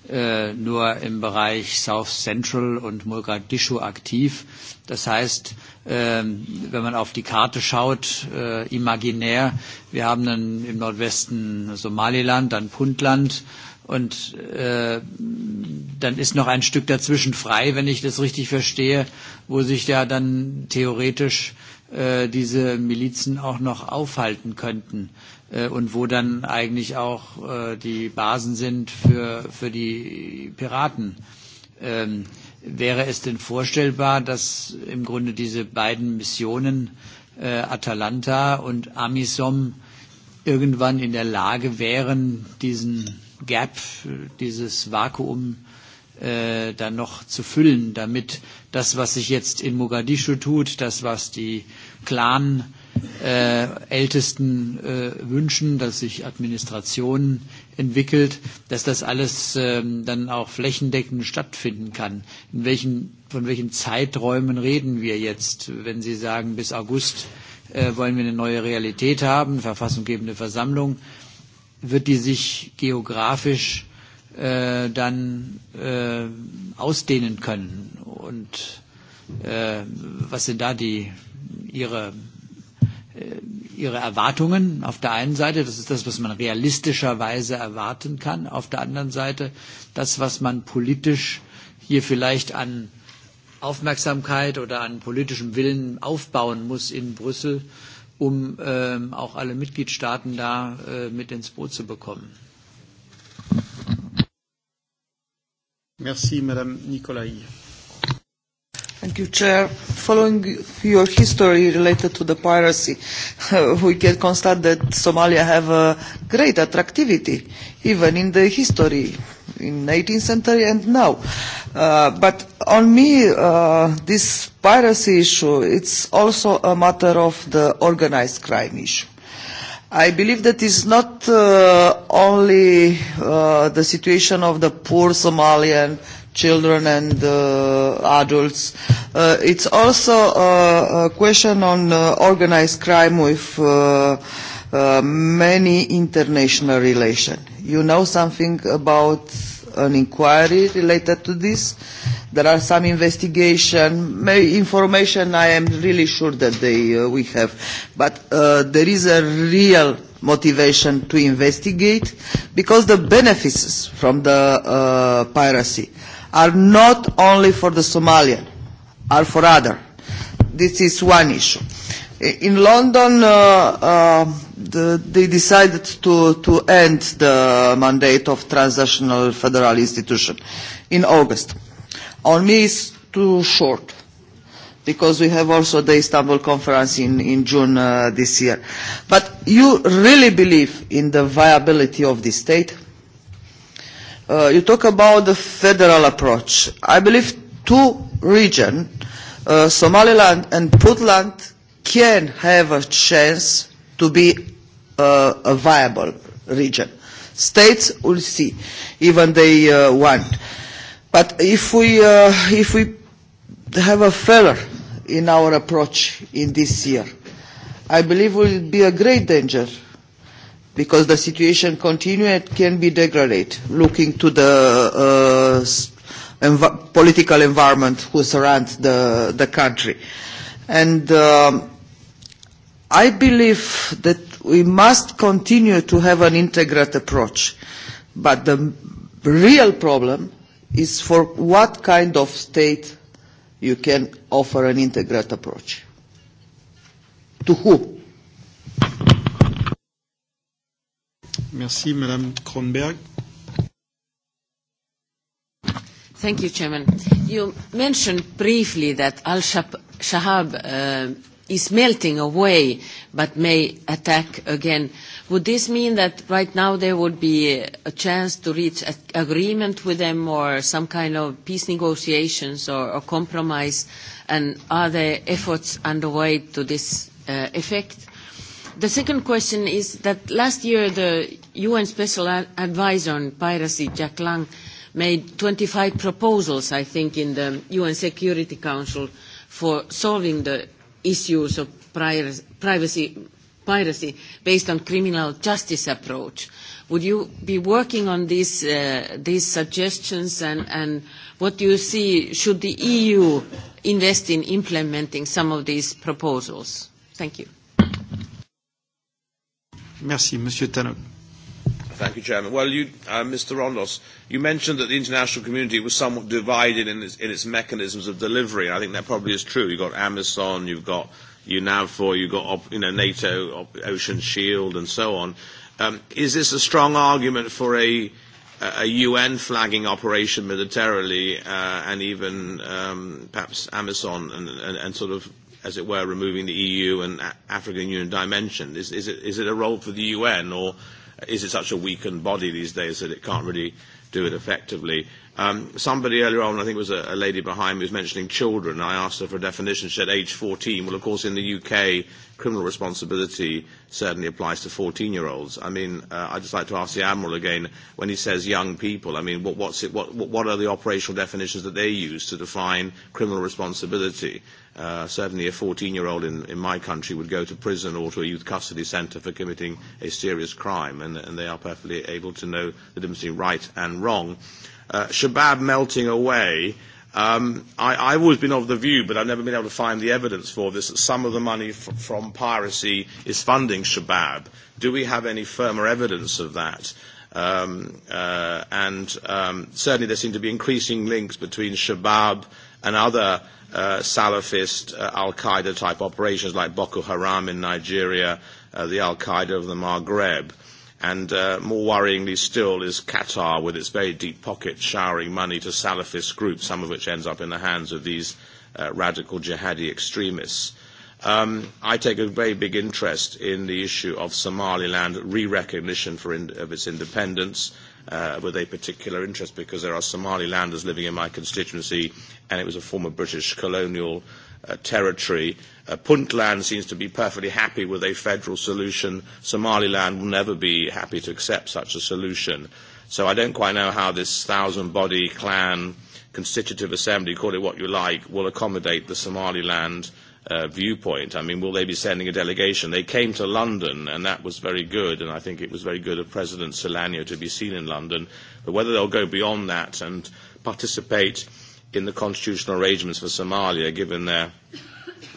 nur im Bereich South Central und Mogadischu aktiv. Das heißt, wenn man auf die Karte schaut, imaginär, wir haben dann im Nordwesten Somaliland, dann Puntland, Und äh, dann ist noch ein Stück dazwischen frei, wenn ich das richtig verstehe, wo sich ja dann theoretisch äh, diese Milizen auch noch aufhalten könnten äh, und wo dann eigentlich auch äh, die Basen sind für, für die Piraten. Ähm, wäre es denn vorstellbar, dass im Grunde diese beiden Missionen äh, Atalanta und Amisom irgendwann in der Lage wären, diesen Gap, dieses Vakuum äh, dann noch zu füllen, damit das, was sich jetzt in Mogadischu tut, das, was die Clan äh, Ältesten äh, wünschen, dass sich Administrationen entwickelt, dass das alles ähm, dann auch flächendeckend stattfinden kann. In welchen, von welchen Zeiträumen reden wir jetzt, wenn Sie sagen, bis August äh, wollen wir eine neue Realität haben, verfassunggebende Versammlung? Äh, wird die sich geografisch äh, dann äh, ausdehnen können? Und äh, was sind da die, Ihre, äh, Ihre Erwartungen auf der einen Seite? Das ist das, was man realistischerweise erwarten kann. Auf der anderen Seite das, was man politisch hier vielleicht an Aufmerksamkeit oder an politischem Willen aufbauen muss in Brüssel. Äh, um ähm, auch alle Mitgliedstaaten da äh, mit ins Boot zu bekommen. Merci, Madame Nicolai. Thank you, Chair. Following your history related to the piracy, uh, we can constate that Somalia have a great attractivity, even in the history, in 18th century and now. Uh, but on me, uh, this piracy issue, it's also a matter of the organized crime issue. I believe that it's not uh, only uh, the situation of the poor Somalian children and uh, adults. Uh, it's also a, a question on uh, organized crime with uh, uh, many international relations. You know something about an inquiry related to this. There are some investigation, information I am really sure that they, uh, we have. But uh, there is a real motivation to investigate because the benefits from the uh, piracy are not only for the Somalian, are for other. This is one issue in London, uh, uh, the, they decided to, to end the mandate of transnational federal institution in August. On me, it's too short because we have also the Istanbul conference in, in June uh, this year. But you really believe in the viability of the state? Uh, you talk about the federal approach. I believe two regions, uh, Somaliland and Puntland, can have a chance to be uh, a viable region. States will see, even they uh, want. But if we, uh, if we have a failure in our approach in this year, I believe will be a great danger because the situation continues and can be degraded, looking to the uh, env political environment who surrounds the, the country. And um, I believe that we must continue to have an integrated approach, but the real problem is for what kind of state you can offer an integrated approach. To who? Merci, Madame Kronberg. Thank you, Chairman. You mentioned briefly that al shabaab uh, is melting away but may attack again. Would this mean that right now there would be a chance to reach an agreement with them or some kind of peace negotiations or, compromise? And are there efforts underway to this uh, effect? The second question is that last year the UN Special Advisor on Piracy, Jack Lang, made 25 proposals, I think, in the UN Security Council for solving the issues of privacy, piracy based on criminal justice approach. Would you be working on these, uh, these suggestions and, and what do you see should the EU invest in implementing some of these proposals? Thank you. Merci, Monsieur Tannock. Thank you, Chairman. Well, you, uh, Mr. Rondos, you mentioned that the international community was somewhat divided in its, in its mechanisms of delivery. and I think that probably is true. You've got Amazon, you've got UNAVFOR, you've got you know, NATO, Ocean Shield, and so on. Um, is this a strong argument for a, a UN flagging operation militarily, uh, and even um, perhaps Amazon, and, and, and sort of, as it were, removing the EU and African Union dimension? Is, is, it, is it a role for the UN, or is it such a weakened body these days that it can't really do it effectively? Um, somebody earlier on, I think it was a, a lady behind me, was mentioning children. I asked her for a definition. She said age 14. Well, of course, in the UK, criminal responsibility certainly applies to 14-year-olds. I mean, uh, I'd just like to ask the Admiral again, when he says young people, I mean, what, what's it, what, what are the operational definitions that they use to define criminal responsibility? Uh, certainly a 14-year-old in, in my country would go to prison or to a youth custody centre for committing a serious crime, and, and they are perfectly able to know the difference between right and wrong. Shabab melting away. Um, I, I've always been of the view, but I've never been able to find the evidence for this, that some of the money f- from piracy is funding Shabab. Do we have any firmer evidence of that? Um, uh, and um, certainly there seem to be increasing links between Shabab and other uh, Salafist uh, Al Qaeda type operations like Boko Haram in Nigeria, uh, the Al Qaeda of the Maghreb. Uh, And uh, more worryingly still is Qatar, with its very deep pockets, showering money to Salafist groups, some of which ends up in the hands of these uh, radical jihadi extremists. Um, I take a very big interest in the issue of Somaliland re-recognition for in, of its independence, uh, with a particular interest because there are Somalilanders living in my constituency, and it was a former British colonial uh, territory Puntland seems to be perfectly happy with a federal solution. Somaliland will never be happy to accept such a solution. So I don't quite know how this thousand-body clan constitutive assembly, call it what you like, will accommodate the Somaliland uh, viewpoint. I mean, will they be sending a delegation? They came to London, and that was very good, and I think it was very good of President Solano to be seen in London. But whether they'll go beyond that and participate in the constitutional arrangements for Somalia, given their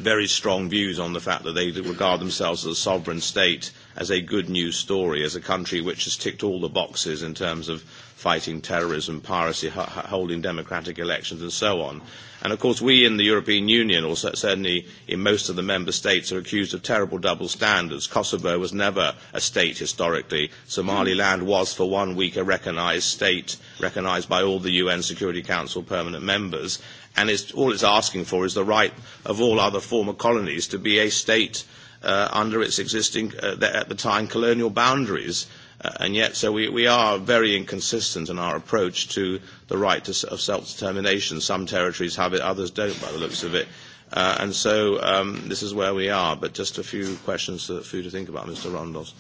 very strong views on the fact that they regard themselves as a sovereign state as a good news story, as a country which has ticked all the boxes in terms of fighting terrorism, piracy, holding democratic elections, and so on. And of course, we in the European Union, or certainly in most of the member states, are accused of terrible double standards. Kosovo was never a state historically. Somaliland was, for one week, a recognised state, recognised by all the UN Security Council permanent members. And it's, all it's asking for is the right of all other former colonies to be a state uh, under its existing, uh, at the time, colonial boundaries and yet, so we, we are very inconsistent in our approach to the right to, of self-determination. Some territories have it, others don't, by the looks of it. Uh, and so um, this is where we are. But just a few questions for, for you to think about, Mr. Rondos.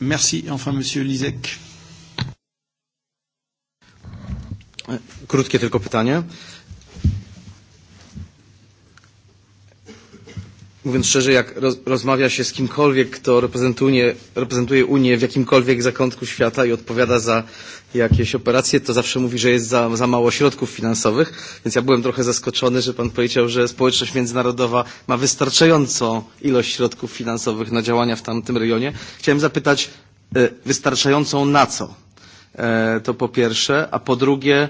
Merci. Enfin, Monsieur Lisek. Krótkie tylko pytanie. mówiąc szczerze, jak roz, rozmawia się z kimkolwiek, kto reprezentuje, reprezentuje Unię w jakimkolwiek zakątku świata i odpowiada za jakieś operacje, to zawsze mówi, że jest za, za mało środków finansowych. Więc ja byłem trochę zaskoczony, że pan powiedział, że społeczność międzynarodowa ma wystarczającą ilość środków finansowych na działania w tamtym rejonie. Chciałem zapytać, wystarczającą na co? To po pierwsze. A po drugie,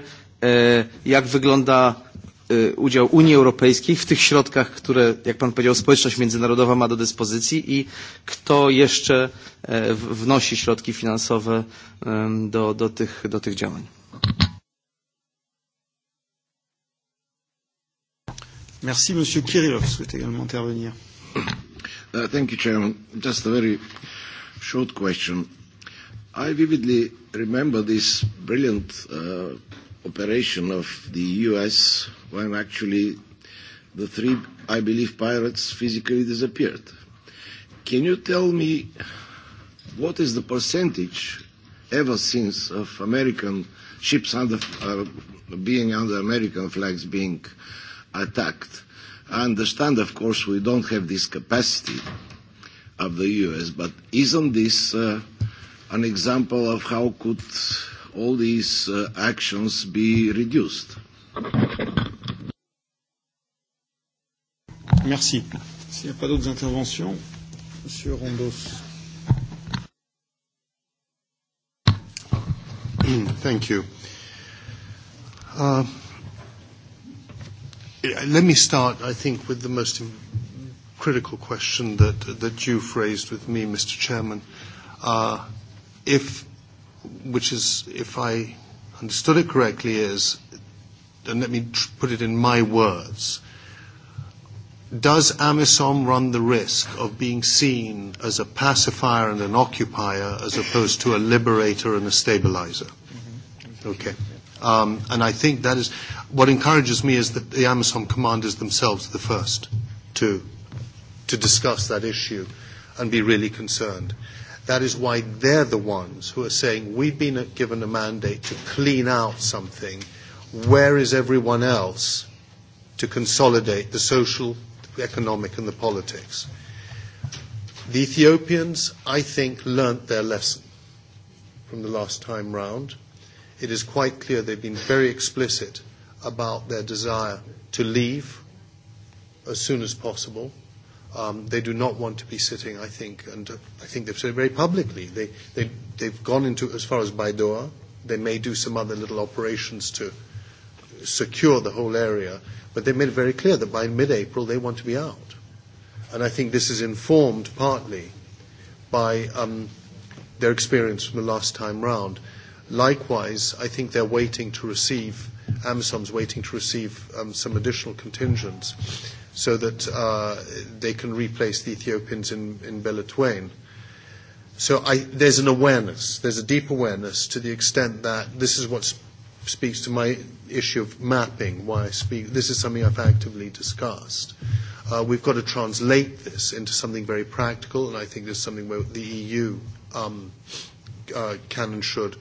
jak wygląda udział Unii Europejskiej w tych środkach, które, jak Pan powiedział, społeczność międzynarodowa ma do dyspozycji i kto jeszcze wnosi środki finansowe do, do, tych, do tych działań. Merci, Monsieur Kirillov souhaite également intervenir. Uh, thank you, Chairman. Just a very short question. I vividly remember this brilliant uh, operation of the U.S when actually the three, I believe, pirates physically disappeared. Can you tell me what is the percentage ever since of American ships under, uh, being under American flags being attacked? I understand, of course, we don't have this capacity of the US, but isn't this uh, an example of how could all these uh, actions be reduced? Merci. S'il n'y a pas d'autres interventions, Monsieur Rondos. Thank you. Uh, let me start, I think, with the most critical question that, that you've raised with me, Mr. Chairman. Uh, if, which is, if I understood it correctly, is, and let me tr- put it in my words, does AMISOM run the risk of being seen as a pacifier and an occupier as opposed to a liberator and a stabilizer? Okay. Um, and I think that is what encourages me is that the AMISOM commanders themselves are the first to, to discuss that issue and be really concerned. That is why they're the ones who are saying, we've been given a mandate to clean out something. Where is everyone else to consolidate the social, the economic and the politics. The Ethiopians, I think, learnt their lesson from the last time round. It is quite clear they've been very explicit about their desire to leave as soon as possible. Um, they do not want to be sitting, I think, and I think they've said very publicly. They, they, they've gone into as far as Baidoa. They may do some other little operations to secure the whole area, but they made it very clear that by mid-April they want to be out. And I think this is informed partly by um, their experience from the last time round. Likewise, I think they're waiting to receive, Amazon's waiting to receive um, some additional contingents so that uh, they can replace the Ethiopians in, in Twain. So I, there's an awareness, there's a deep awareness to the extent that this is what's speaks to my issue of mapping, why I speak. This is something I've actively discussed. Uh, we've got to translate this into something very practical, and I think this is something where the EU um, uh, can and should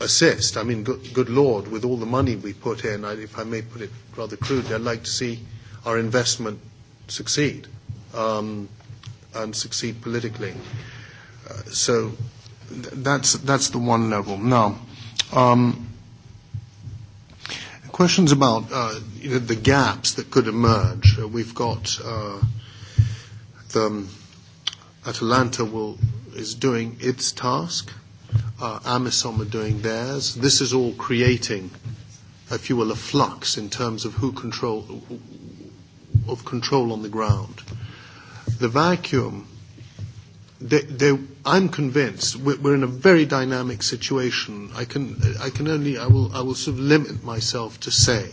assist. I mean, good, good Lord, with all the money we put in, I, if I may put it rather crudely, I'd like to see our investment succeed um, and succeed politically. Uh, so th- that's, that's the one level. Now, um, questions about uh, you know, the gaps that could emerge. Uh, we've got uh, the, um, Atalanta will, is doing its task. Uh, Amisom are doing theirs. This is all creating, if you will, a flux in terms of who control of control on the ground. The vacuum. They, they, I'm convinced we're, we're in a very dynamic situation. I can, I can only, I will, I will sort of limit myself to say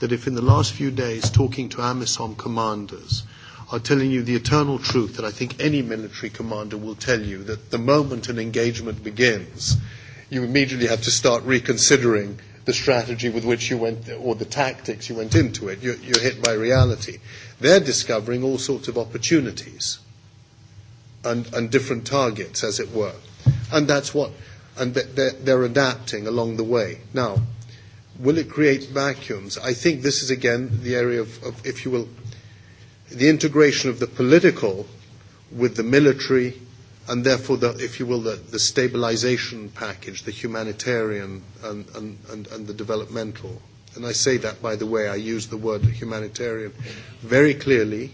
that if in the last few days talking to AMISOM commanders are telling you the eternal truth that I think any military commander will tell you, that the moment an engagement begins, you immediately have to start reconsidering the strategy with which you went, or the tactics you went into it. You're, you're hit by reality. They're discovering all sorts of opportunities and, and different targets, as it were. And that's what, and they're, they're adapting along the way. Now, will it create vacuums? I think this is again the area of, of if you will, the integration of the political with the military, and therefore, the, if you will, the, the stabilization package, the humanitarian and, and, and, and the developmental. And I say that, by the way, I use the word humanitarian very clearly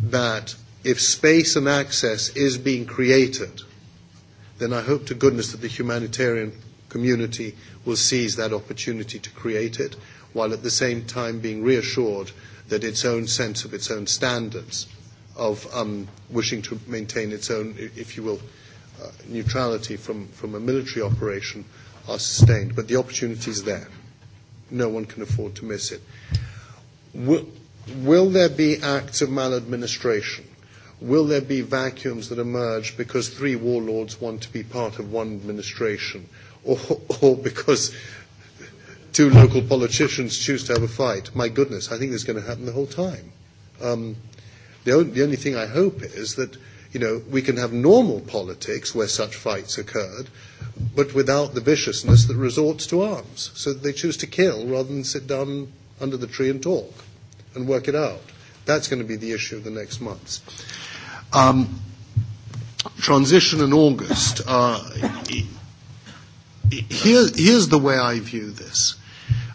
that if space and access is being created, then I hope to goodness that the humanitarian community will seize that opportunity to create it, while at the same time being reassured that its own sense of its own standards of um, wishing to maintain its own, if you will, uh, neutrality from, from a military operation are sustained. But the opportunity is there. No one can afford to miss it. Will, will there be acts of maladministration? Will there be vacuums that emerge because three warlords want to be part of one administration, or, or because two local politicians choose to have a fight? My goodness, I think this is going to happen the whole time. Um, the, o- the only thing I hope is that you know we can have normal politics where such fights occurred, but without the viciousness that resorts to arms. So they choose to kill rather than sit down under the tree and talk and work it out. That's going to be the issue of the next months. Um, transition in August. Uh, here, here's the way I view this.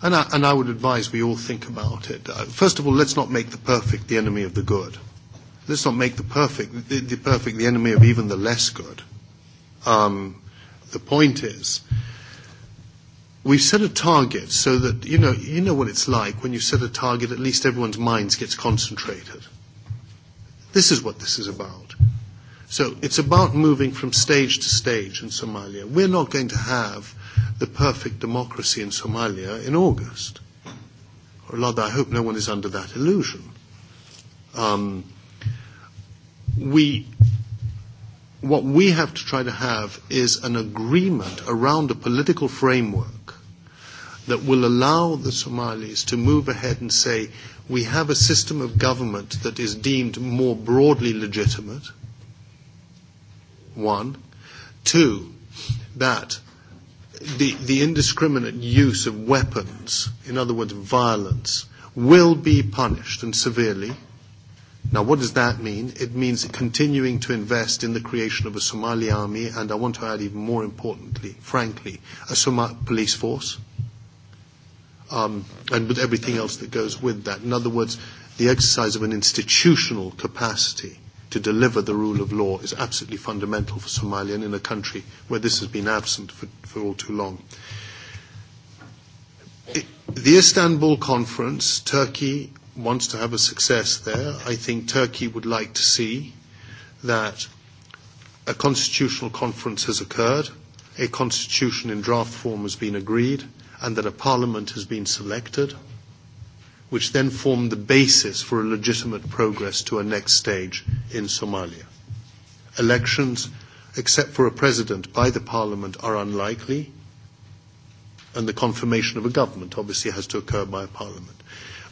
And I, and I would advise we all think about it. Uh, first of all, let's not make the perfect the enemy of the good. Let's not make the perfect the, the perfect the enemy of even the less good. Um, the point is, uh, we've set a target so that you know you know what it's like when you set a target. At least everyone's minds gets concentrated. This is what this is about. So it's about moving from stage to stage in Somalia. We're not going to have the perfect democracy in Somalia in August. Or rather, I hope no one is under that illusion. Um, we, what we have to try to have is an agreement around a political framework that will allow the Somalis to move ahead and say, we have a system of government that is deemed more broadly legitimate. One. Two, that the, the indiscriminate use of weapons, in other words, violence, will be punished and severely. Now, what does that mean? It means continuing to invest in the creation of a Somali army, and I want to add even more importantly, frankly, a Somali police force um, and with everything else that goes with that. In other words, the exercise of an institutional capacity to deliver the rule of law is absolutely fundamental for Somalia and in a country where this has been absent for, for all too long. It, the Istanbul conference, Turkey wants to have a success there. I think Turkey would like to see that a constitutional conference has occurred, a constitution in draft form has been agreed, and that a parliament has been selected, which then form the basis for a legitimate progress to a next stage in Somalia. Elections, except for a president by the parliament, are unlikely, and the confirmation of a government obviously has to occur by a parliament.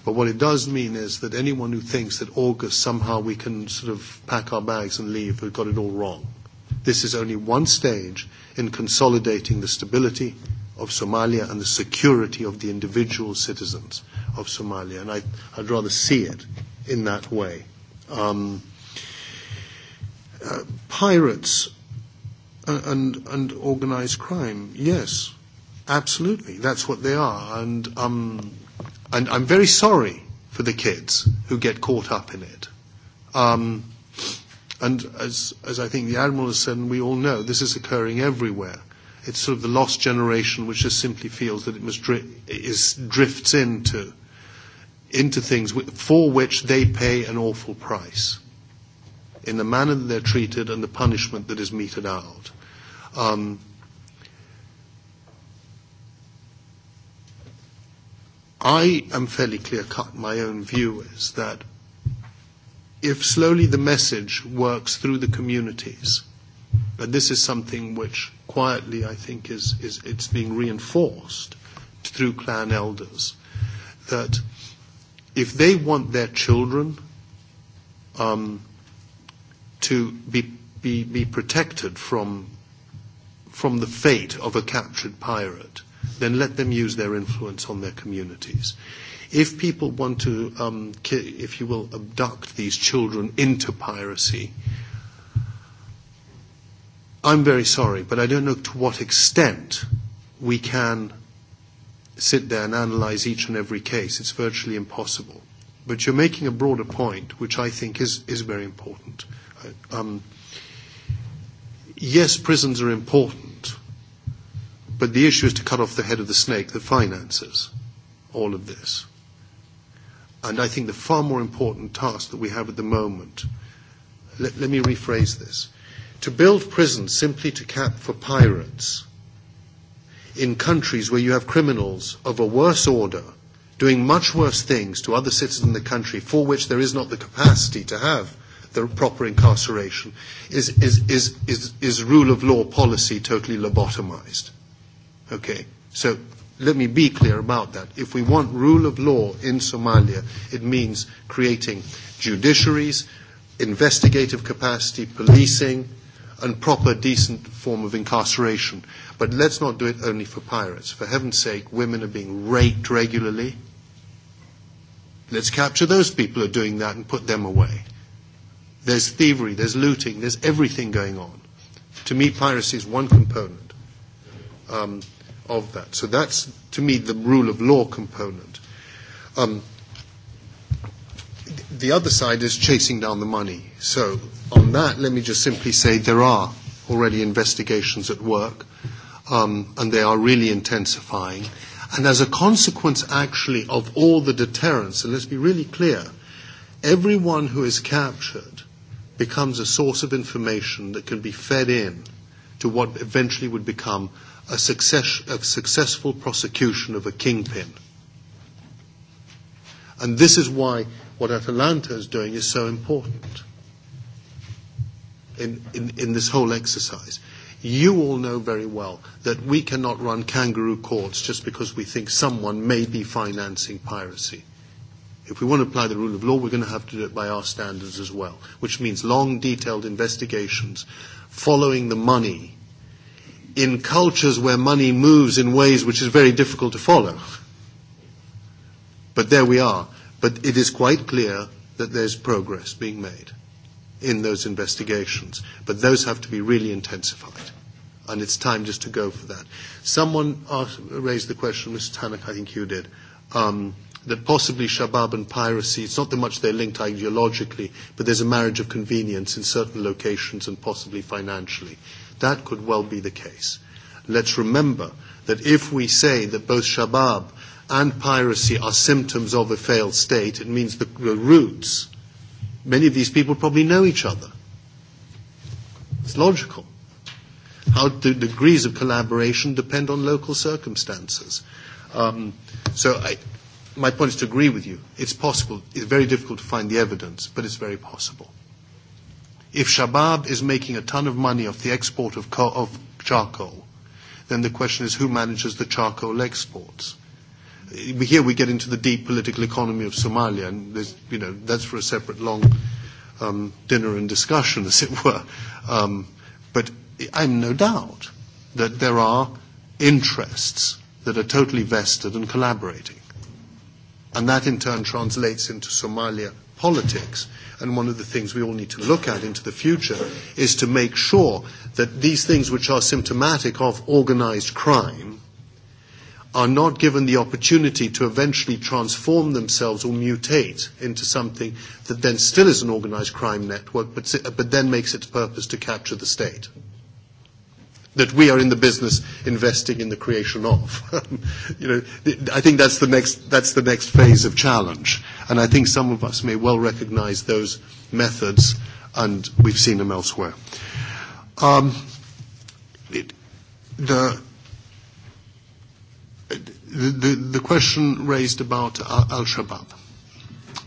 But what it does mean is that anyone who thinks that August somehow we can sort of pack our bags and leave has got it all wrong. This is only one stage in consolidating the stability of Somalia and the security of the individual citizens of Somalia. And I, I'd rather see it in that way. Um, uh, pirates and, and organized crime, yes, absolutely. That's what they are. And, um, and I'm very sorry for the kids who get caught up in it. Um, and as, as I think the Admiral has said, and we all know, this is occurring everywhere It's sort of the lost generation which just simply feels that it must dri- is drifts into into things for which they pay an awful price in the manner that they're treated and the punishment that is meted out. Um, I am fairly clear cut. My own view is that if slowly the message works through the communities But this is something which quietly, I think, is, is it's being reinforced through clan elders that if they want their children um, to be, be, be protected from, from the fate of a captured pirate, then let them use their influence on their communities. If people want to, um, ki- if you will, abduct these children into piracy, I'm very sorry, but I don't know to what extent we can sit there and analyze each and every case. It's virtually impossible. But you're making a broader point, which I think is, is very important. Um, yes, prisons are important, but the issue is to cut off the head of the snake that finances all of this. And I think the far more important task that we have at the moment, let, let me rephrase this to build prisons simply to cap for pirates in countries where you have criminals of a worse order doing much worse things to other citizens in the country for which there is not the capacity to have the proper incarceration is, is, is, is, is rule of law policy totally lobotomized. Okay, so let me be clear about that. If we want rule of law in Somalia, it means creating judiciaries, investigative capacity, policing, and proper, decent form of incarceration. But let's not do it only for pirates. For heaven's sake, women are being raped regularly. Let's capture those people who are doing that and put them away. There's thievery, there's looting, there's everything going on. To me, piracy is one component um, of that. So that's, to me, the rule of law component. Um, the other side is chasing down the money. So on that, let me just simply say there are already investigations at work, um, and they are really intensifying. And as a consequence, actually, of all the deterrence, and let's be really clear, everyone who is captured becomes a source of information that can be fed in to what eventually would become a, success, a successful prosecution of a kingpin. And this is why what Atalanta is doing is so important in, in, in this whole exercise. You all know very well that we cannot run kangaroo courts just because we think someone may be financing piracy. If we want to apply the rule of law, we're going to have to do it by our standards as well, which means long, detailed investigations following the money in cultures where money moves in ways which is very difficult to follow. But there we are. But it is quite clear that there's progress being made in those investigations. But those have to be really intensified. And it's time just to go for that. Someone asked, raised the question, Mr. Tannock, I think you did, um, that possibly Shabab and piracy, it's not that much they're linked ideologically, but there's a marriage of convenience in certain locations and possibly financially. That could well be the case. Let's remember that if we say that both Shabab and piracy are symptoms of a failed state. It means the, the roots. Many of these people probably know each other. It's logical. How the degrees of collaboration depend on local circumstances. Um, so I, my point is to agree with you. It's possible. It's very difficult to find the evidence, but it's very possible. If Shabab is making a ton of money off the export of, co- of charcoal, then the question is who manages the charcoal exports? Here we get into the deep political economy of Somalia, and there's, you know, that's for a separate long um, dinner and discussion, as it were. Um, but I'm no doubt that there are interests that are totally vested and collaborating. And that in turn translates into Somalia politics. And one of the things we all need to look at into the future is to make sure that these things which are symptomatic of organized crime are not given the opportunity to eventually transform themselves or mutate into something that then still is an organized crime network, but, but then makes its purpose to capture the state. That we are in the business investing in the creation of. you know, I think that's the, next, that's the next phase of challenge. And I think some of us may well recognize those methods, and we've seen them elsewhere. Um, it, the the, the, the question raised about Al Shabaab.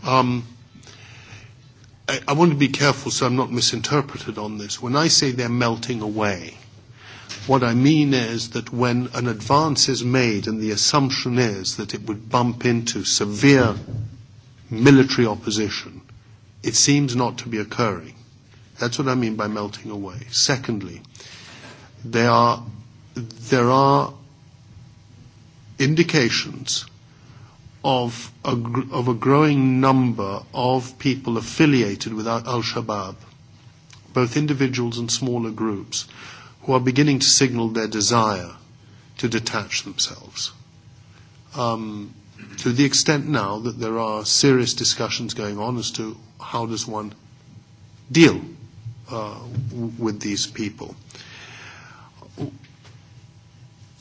Um, I, I want to be careful so I'm not misinterpreted on this. When I say they're melting away, what I mean is that when an advance is made and the assumption is that it would bump into severe military opposition, it seems not to be occurring. That's what I mean by melting away. Secondly, there are, there are indications of a, of a growing number of people affiliated with Al Shabaab, both individuals and smaller groups, who are beginning to signal their desire to detach themselves. Um, to the extent now that there are serious discussions going on as to how does one deal uh, with these people.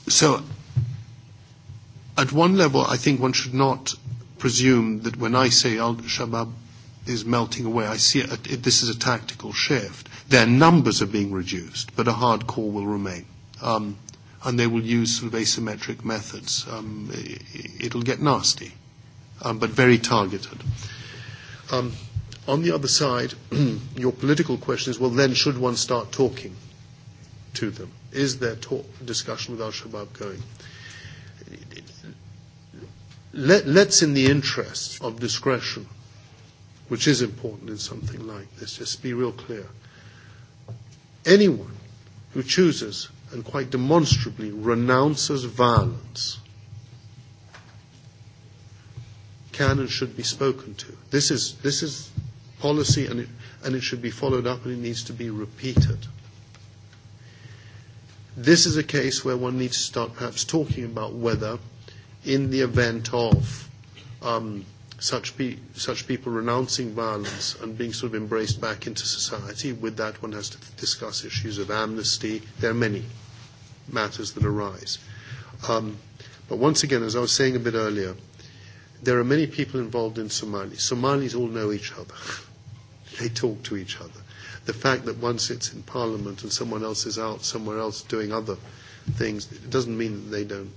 So at one level, I think one should not presume that when I say Al Shabaab is melting away, I see it, it, this is a tactical shift. Their numbers are being reduced, but a hard core will remain. Um, and they will use sort of asymmetric methods. Um, it, it'll get nasty, um, but very targeted. Um, on the other side, your political question is well, then should one start talking to them? Is there talk, discussion with Al Shabaab going? let, let's, in the interest of discretion, which is important in something like this, just be real clear. Anyone who chooses and quite demonstrably renounces violence can and should be spoken to. This is, this is policy and it, and it should be followed up and it needs to be repeated. This is a case where one needs to start perhaps talking about whether in the event of um, such, pe- such people renouncing violence and being sort of embraced back into society. With that, one has to discuss issues of amnesty. There are many matters that arise. Um, but once again, as I was saying a bit earlier, there are many people involved in Somali. Somalis all know each other. they talk to each other. The fact that one sits in parliament and someone else is out somewhere else doing other things it doesn't mean that they don't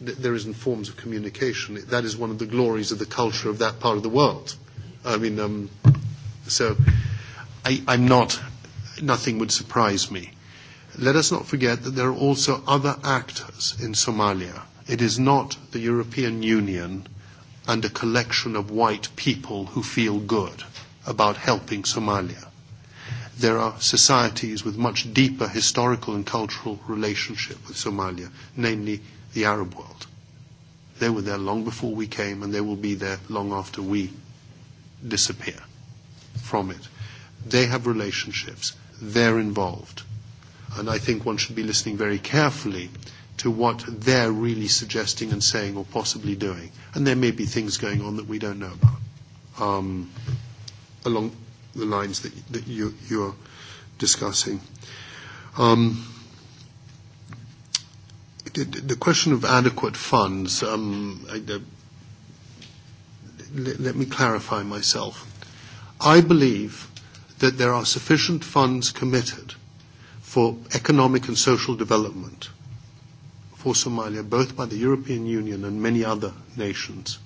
there isn't forms of communication. That is one of the glories of the culture of that part of the world. I mean, um, so I, I'm not, nothing would surprise me. Let us not forget that there are also other actors in Somalia. It is not the European Union and a collection of white people who feel good about helping Somalia. There are societies with much deeper historical and cultural relationship with Somalia, namely the Arab world. They were there long before we came, and they will be there long after we disappear from it. They have relationships. They're involved. And I think one should be listening very carefully to what they're really suggesting and saying or possibly doing. And there may be things going on that we don't know about um, along the lines that, that you, you're discussing. Um, the, question of adequate funds, um, I, let, let me clarify myself. I believe that there are sufficient funds committed for economic and social development for Somalia, both by the European Union and many other nations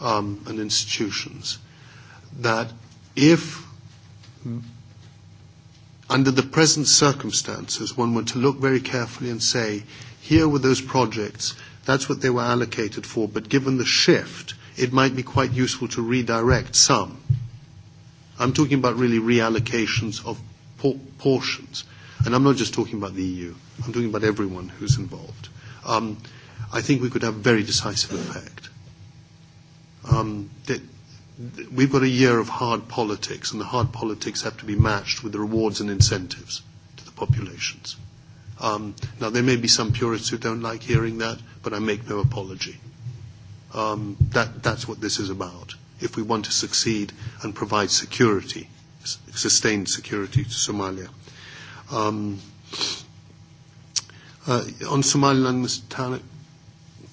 um, and institutions, that if under the present circumstances one were to look very carefully and say, here were those projects. That's what they were allocated for. But given the shift, it might be quite useful to redirect some. I'm talking about really reallocations of por- portions. And I'm not just talking about the EU. I'm talking about everyone who's involved. Um, I think we could have a very decisive effect. Um, that we've got a year of hard politics, and the hard politics have to be matched with the rewards and incentives to the populations. Um, now, there may be some purists who don't like hearing that, but I make no apology. Um, that, that's what this is about. If we want to succeed and provide security, sustained security to Somalia. Um, uh, on Somaliland, Mr. Tannock,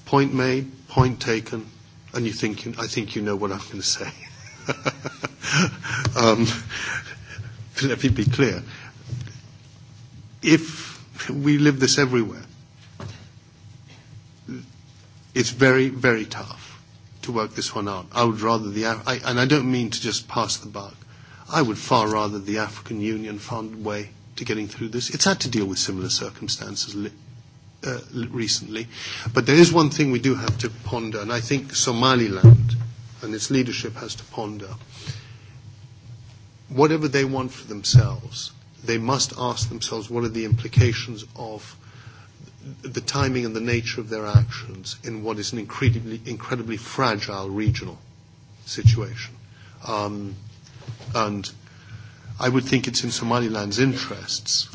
point made, point taken, and you think you, I think you know what I'm going to say. um, let me be clear. If we live this everywhere. It's very, very tough to work this one out. I would rather the, Af I, and I don't mean to just pass the buck. I would far rather the African Union found a way to getting through this. It's had to deal with similar circumstances li- uh, recently. But there is one thing we do have to ponder, and I think Somaliland and its leadership has to ponder. Whatever they want for themselves, they must ask themselves what are the implications of the timing and the nature of their actions in what is an incredibly, incredibly fragile regional situation. Um, and I would think it's in Somaliland's interests,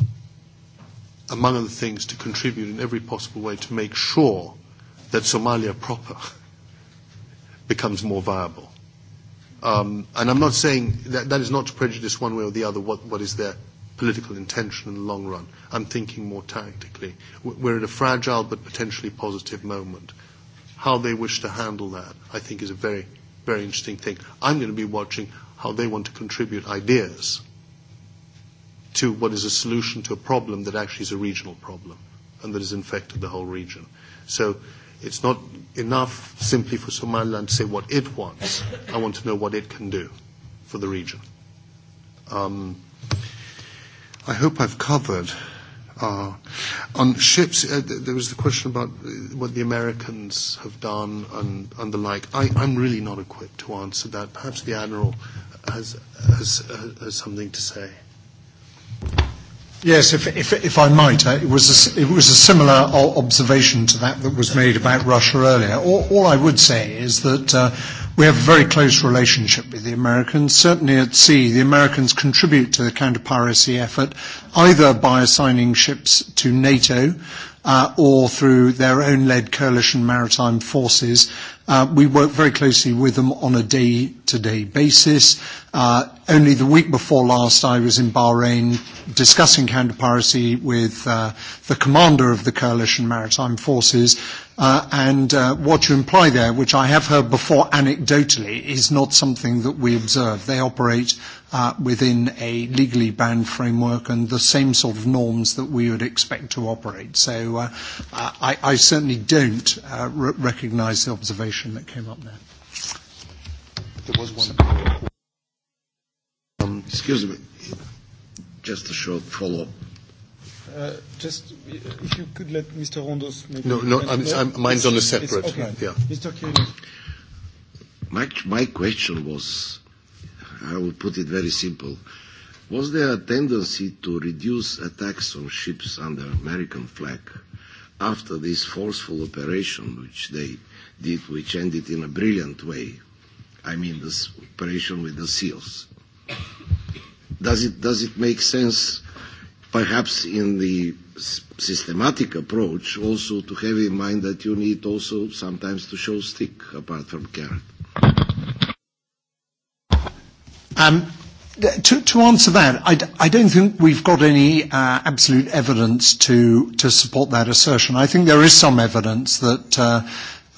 among other things, to contribute in every possible way to make sure that Somalia proper becomes more viable. Um, and I'm not saying that, that is not to prejudice one way or the other what, what is their political intention in the long run. I'm thinking more tactically. We're at a fragile but potentially positive moment. How they wish to handle that, I think, is a very, very interesting thing. I'm going to be watching how they want to contribute ideas to what is a solution to a problem that actually is a regional problem and that has infected the whole region. So it's not enough simply for Somaliland to say what it wants. I want to know what it can do for the region. Um, I hope I've covered. Uh, on ships, uh, there was the question about what the Americans have done and, and the like. I, I'm really not equipped to answer that. Perhaps the Admiral has, has, uh, has something to say. Yes, if, if, if I might, uh, it was, a, it was a similar observation to that that was made about Russia earlier. All, all I would say is that uh, We have a very close relationship with the Americans. Certainly at sea, the Americans contribute to the counter-piracy effort either by assigning ships to NATO uh, or through their own led coalition maritime forces We work very closely with them on a day-to-day basis. Only the week before last, I was in Bahrain discussing counterpiracy piracy with the commander of the coalition maritime forces. And what you imply there, which I have heard before anecdotally, is not something that we observe. They operate within a legally bound framework and the same sort of norms that we would expect to operate. So I certainly don't recognize the observation question that came up there. There was one. excuse me. Just a short follow-up. just if you could let Mr. Rondos maybe. No, no, mine's on a separate. It's Okay. Yeah. Mr. Kirin. My, question was, I will put it very simple. Was there a tendency to reduce attacks on ships under American flag after this forceful operation, which they did, which ended in a brilliant way. I mean, this operation with the SEALs. Does it, does it make sense, perhaps in the systematic approach, also to have in mind that you need also sometimes to show stick apart from carrot? Um, to, to answer that, I, I don't think we've got any uh, absolute evidence to, to support that assertion. I think there is some evidence that uh,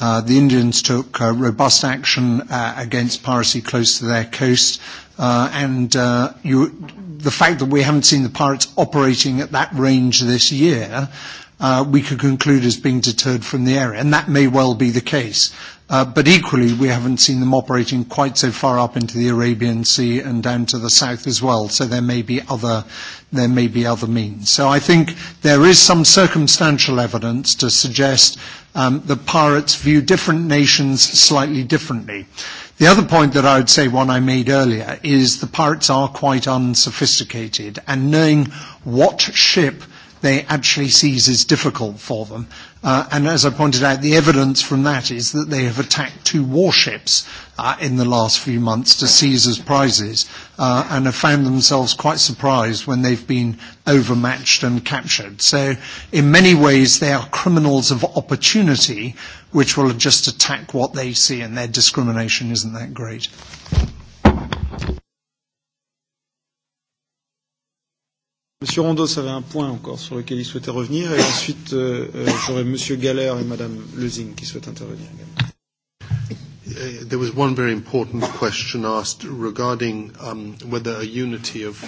Uh, the Indians took uh, robust action uh, against piracy close to their coast, uh, and uh, you, the fact that we haven't seen the pirates operating at that range this year uh, we could conclude as being deterred from the area, and that may well be the case. but equally, we haven't seen them operating quite so far up into the Arabian Sea and down to the south as well. So there may be other, there may be other means. So I think there is some circumstantial evidence to suggest um, that pirates view different nations slightly differently. The other point that I would say, one I made earlier, is the pirates are quite unsophisticated, and knowing what ship they actually sees is difficult for them. Uh, and as I pointed out, the evidence from that is that they have attacked two warships uh, in the last few months to seize as prizes uh, and have found themselves quite surprised when they've been overmatched and captured. So in many ways, they are criminals of opportunity which will just attack what they see and their discrimination isn't that great. Monsieur Rondos avait un point encore sur lequel il souhaitait revenir, et ensuite euh, j'aurai Monsieur Galler et Madame Lezing qui souhaitent intervenir également. There was one very important question asked regarding um, whether a unity of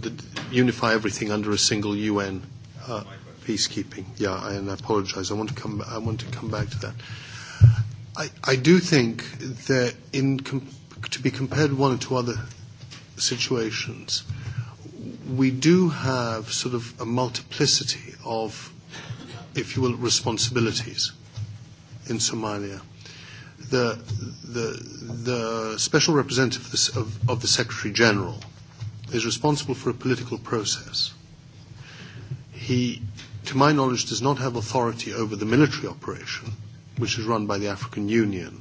the, unify everything under a single UN uh, peacekeeping. Yeah, and I apologize. I want to come. I want to come back to that. I, I do think that in com- to be compared one to other situations. Uh, we do have sort of a multiplicity of, if you will, responsibilities in Somalia. The, the, the special representative of, the of the Secretary General is responsible for a political process. He, to my knowledge, does not have authority over the military operation, which is run by the African Union.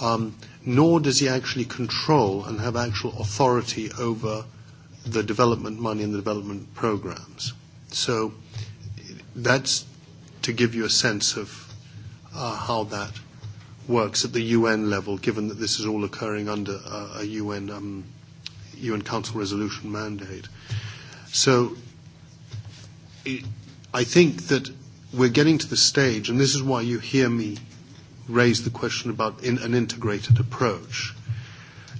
Um, nor does he actually control and have actual authority over the development money and the development programs. So that's to give you a sense of uh, how that works at the UN level, given that this is all occurring under a a UN, um, UN Council resolution mandate. So it, I think that we're getting to the stage, and this is why you hear me raise the question about in, an integrated approach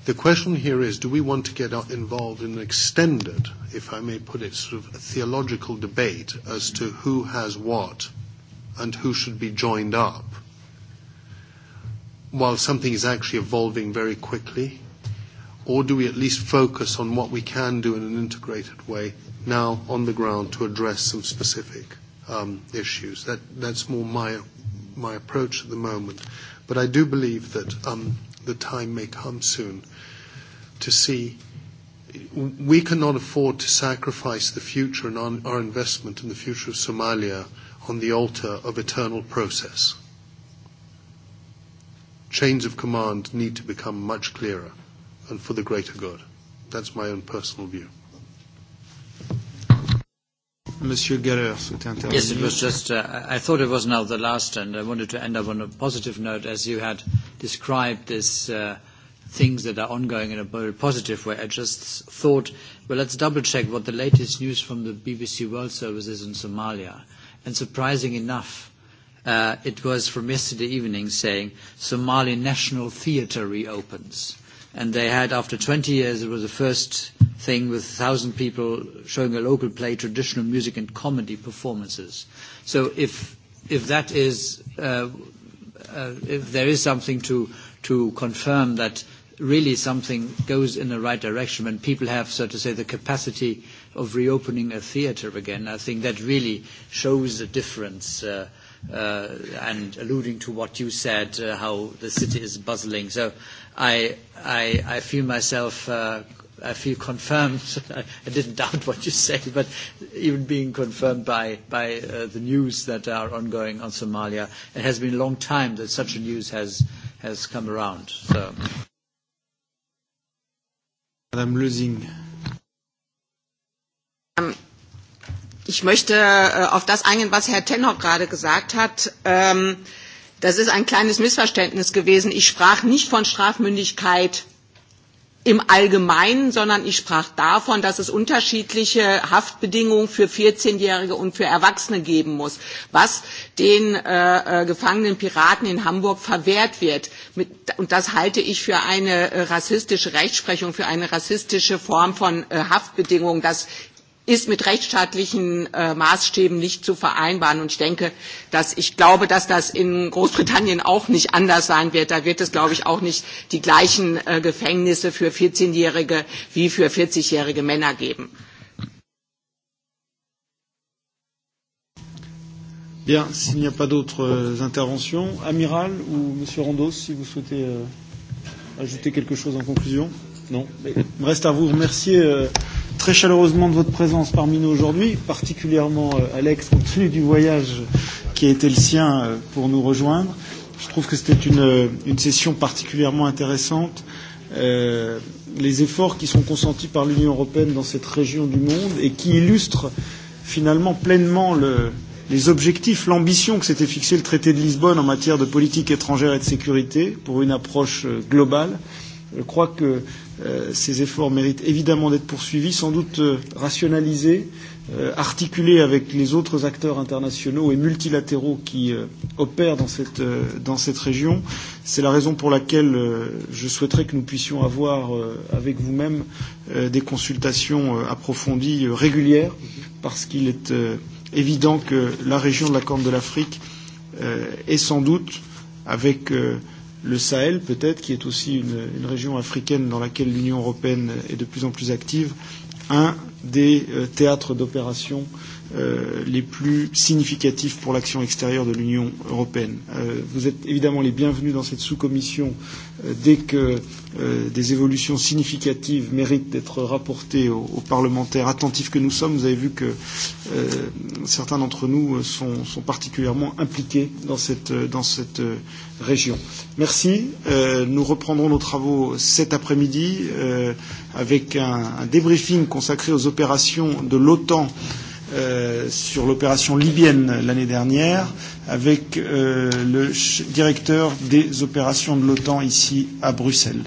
The question here is, do we want to get involved in an extended, if I may put it, sort of a theological debate as to who has what and who should be joined up? While something is actually evolving very quickly, or do we at least focus on what we can do in an integrated way now on the ground to address some specific um, issues? That, that's more my, my approach at the moment. But I do believe that um, – the time may come soon to see we cannot afford to sacrifice the future and on our investment in the future of Somalia on the altar of eternal process. Chains of command need to become much clearer and for the greater good. That's my own personal view. Monsieur Geller souhaitait intervenir. Yes, it was just, uh, I thought it was now the last, and I wanted to end up on a positive note, as you had described these uh, things that are ongoing in a very positive way. I just thought, well, let's double check what the latest news from the BBC World Service is in Somalia. And surprising enough, uh, it was from yesterday evening saying Somali National Theatre reopens and they had after 20 years it was the first thing with 1000 people showing a local play traditional music and comedy performances so if if that is uh, uh, if there is something to to confirm that really something goes in the right direction when people have so to say the capacity of reopening a theater again i think that really shows a difference uh, and alluding to what you said, how the city is bustling. So I, I, I feel myself, uh, I feel confirmed. I didn't doubt what you say, but even being confirmed by, by uh, the news that are ongoing on Somalia, it has been a long time that such a news has, has come around. So. Um, Ich möchte auf das eingehen, was Herr Tannock gerade gesagt hat. Das ist ein kleines Missverständnis gewesen. Ich sprach nicht von Strafmündigkeit im Allgemeinen, sondern ich sprach davon, dass es unterschiedliche Haftbedingungen für 14-Jährige und für Erwachsene geben muss, was den äh, gefangenen Piraten in Hamburg verwehrt wird. und das halte ich für eine rassistische Rechtsprechung, für eine rassistische Form von Haftbedingungen, dass ist mit rechtsstaatlichen äh, Maßstäben nicht zu vereinbaren. Und ich denke, dass ich glaube, dass das in Großbritannien auch nicht anders sein wird. Da wird es, glaube ich, auch nicht die gleichen äh, Gefängnisse für 14-Jährige wie für 40-jährige Männer geben. Bien, s'il n'y a pas d'autres interventions, Amiral ou Monsieur Rondos, si vous souhaitez euh, ajouter quelque chose en conclusion. Non. Il me reste à vous remercier. Euh, très chaleureusement de votre présence parmi nous aujourd'hui, particulièrement euh, Alex, compte tenu du voyage qui a été le sien euh, pour nous rejoindre. Je trouve que c'était une, une session particulièrement intéressante. Euh, les efforts qui sont consentis par l'Union européenne dans cette région du monde et qui illustrent finalement pleinement le, les objectifs, l'ambition que s'était fixé le traité de Lisbonne en matière de politique étrangère et de sécurité pour une approche globale. Je crois que ces efforts méritent évidemment d'être poursuivis, sans doute rationalisés, articulés avec les autres acteurs internationaux et multilatéraux qui opèrent dans cette, dans cette région. C'est la raison pour laquelle je souhaiterais que nous puissions avoir avec vous-même des consultations approfondies régulières, parce qu'il est évident que la région de la Corne de l'Afrique est sans doute, avec le Sahel peut-être, qui est aussi une, une région africaine dans laquelle l'Union européenne est de plus en plus active, un des euh, théâtres d'opération euh, les plus significatifs pour l'action extérieure de l'Union européenne. vous êtes évidemment les bienvenus dans cette sous-commission dès que des évolutions significatives méritent d'être rapportées aux, parlementaires attentifs que nous sommes. Vous avez vu que certains d'entre nous sont, particulièrement impliqués dans cette, région. Merci. nous reprendrons nos travaux cet après-midi avec un, débriefing consacré aux opérations de l'OTAN sur l'opération libyenne l'année dernière avec le directeur des opérations de l'OTAN ici à Bruxelles.